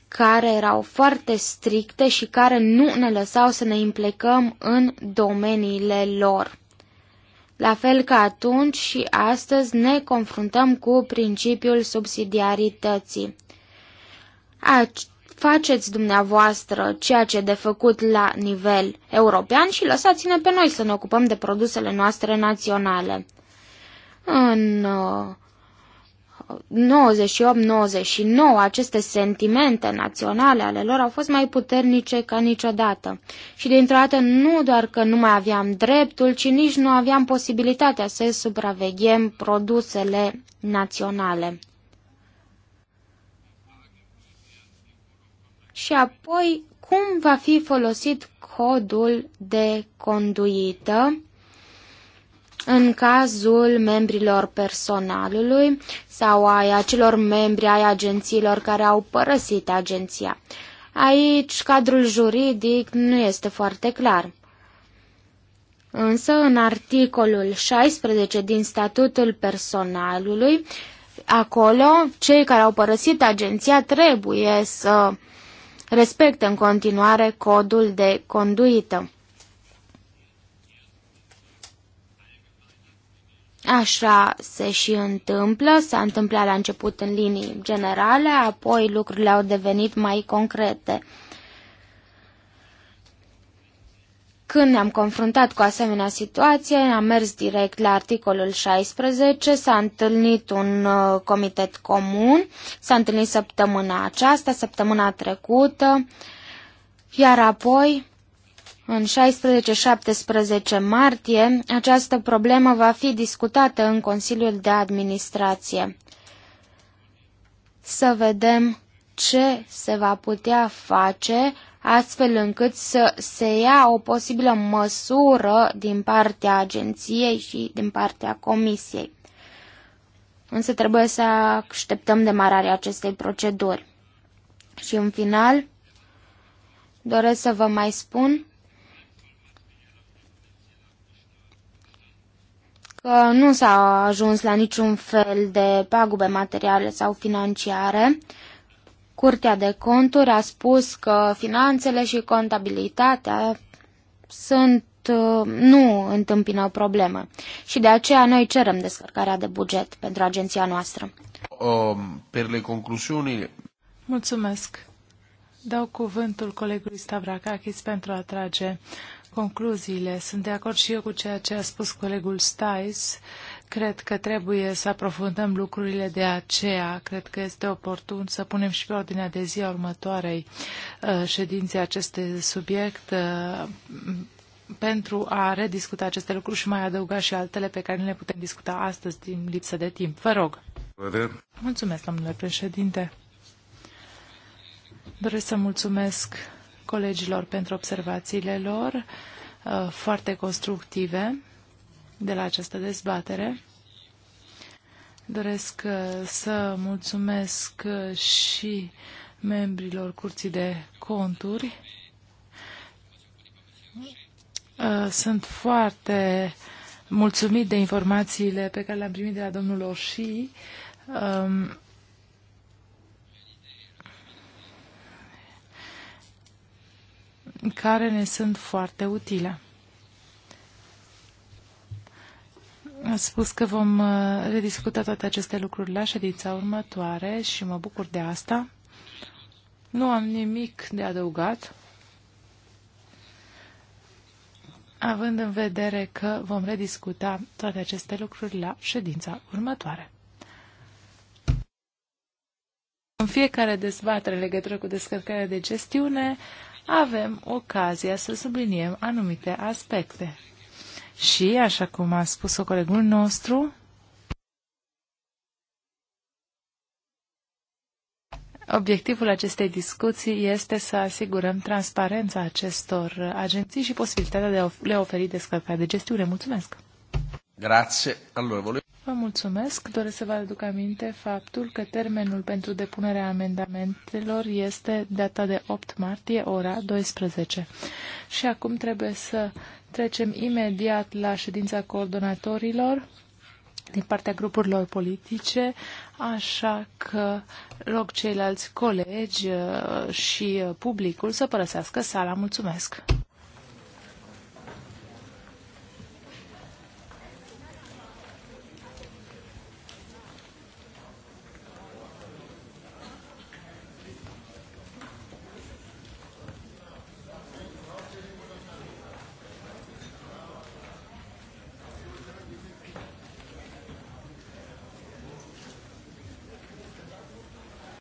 care erau foarte stricte și care nu ne lăsau să ne implicăm în domeniile lor. La fel ca atunci și astăzi ne confruntăm cu principiul subsidiarității. A, faceți dumneavoastră ceea ce de făcut la nivel european și lăsați-ne pe noi să ne ocupăm de produsele noastre naționale. În uh, 98-99, aceste sentimente naționale ale lor au fost mai puternice ca niciodată. Și dintr-o dată nu doar că nu mai aveam dreptul, ci nici nu aveam posibilitatea să supraveghem produsele naționale. Și apoi, cum va fi folosit codul de conduită? în cazul membrilor personalului sau ai acelor membri ai agențiilor care au părăsit agenția. Aici cadrul juridic nu este foarte clar. Însă, în articolul 16 din statutul personalului, acolo cei care au părăsit agenția trebuie să respecte în continuare codul de conduită. Așa se și întâmplă, s-a întâmplat la început în linii generale, apoi lucrurile au devenit mai concrete. Când ne-am confruntat cu asemenea situație, am mers direct la articolul 16, s-a întâlnit un uh, comitet comun, s-a întâlnit săptămâna aceasta, săptămâna trecută, iar apoi în 16-17 martie, această problemă va fi discutată în Consiliul de Administrație. Să vedem ce se va putea face astfel încât să se ia o posibilă măsură din partea agenției și din partea comisiei. Însă trebuie să așteptăm demararea acestei proceduri. Și în final, doresc să vă mai spun că nu s-a ajuns la niciun fel de pagube materiale sau financiare. Curtea de conturi a spus că finanțele și contabilitatea sunt, nu întâmpină o problemă. și de aceea noi cerem descărcarea de buget pentru agenția noastră. Um, per le conclusiuni... Mulțumesc. Dau cuvântul colegului Stavrakakis pentru a trage concluziile. Sunt de acord și eu cu ceea ce a spus colegul Stais. Cred că trebuie să aprofundăm lucrurile de aceea. Cred că este oportun să punem și pe ordinea de zi a următoarei uh, ședințe aceste subiect uh, pentru a rediscuta aceste lucruri și mai adăuga și altele pe care nu le putem discuta astăzi din lipsă de timp. Vă rog. Mulțumesc, domnule președinte. Doresc să mulțumesc colegilor pentru observațiile lor uh, foarte constructive de la această dezbatere. Doresc uh, să mulțumesc uh, și membrilor Curții de Conturi. Sunt foarte mulțumit de informațiile pe care le-am primit de la domnul Oșii. Um, care ne sunt foarte utile. A spus că vom uh, rediscuta toate aceste lucruri la ședința următoare și mă bucur de asta. Nu am nimic de adăugat, având în vedere că vom rediscuta toate aceste lucruri la ședința următoare. În fiecare dezbatere legătură cu descărcarea de gestiune, avem ocazia să subliniem anumite aspecte. Și, așa cum a spus-o colegul nostru, Obiectivul acestei discuții este să asigurăm transparența acestor agenții și posibilitatea de a le oferi descărcare de gestiune. Mulțumesc! Grazie. Allora, Vă mulțumesc. Doresc să vă aduc aminte faptul că termenul pentru depunerea amendamentelor este data de 8 martie, ora 12. Și acum trebuie să trecem imediat la ședința coordonatorilor din partea grupurilor politice, așa că rog ceilalți colegi uh, și uh, publicul să părăsească sala. Mulțumesc!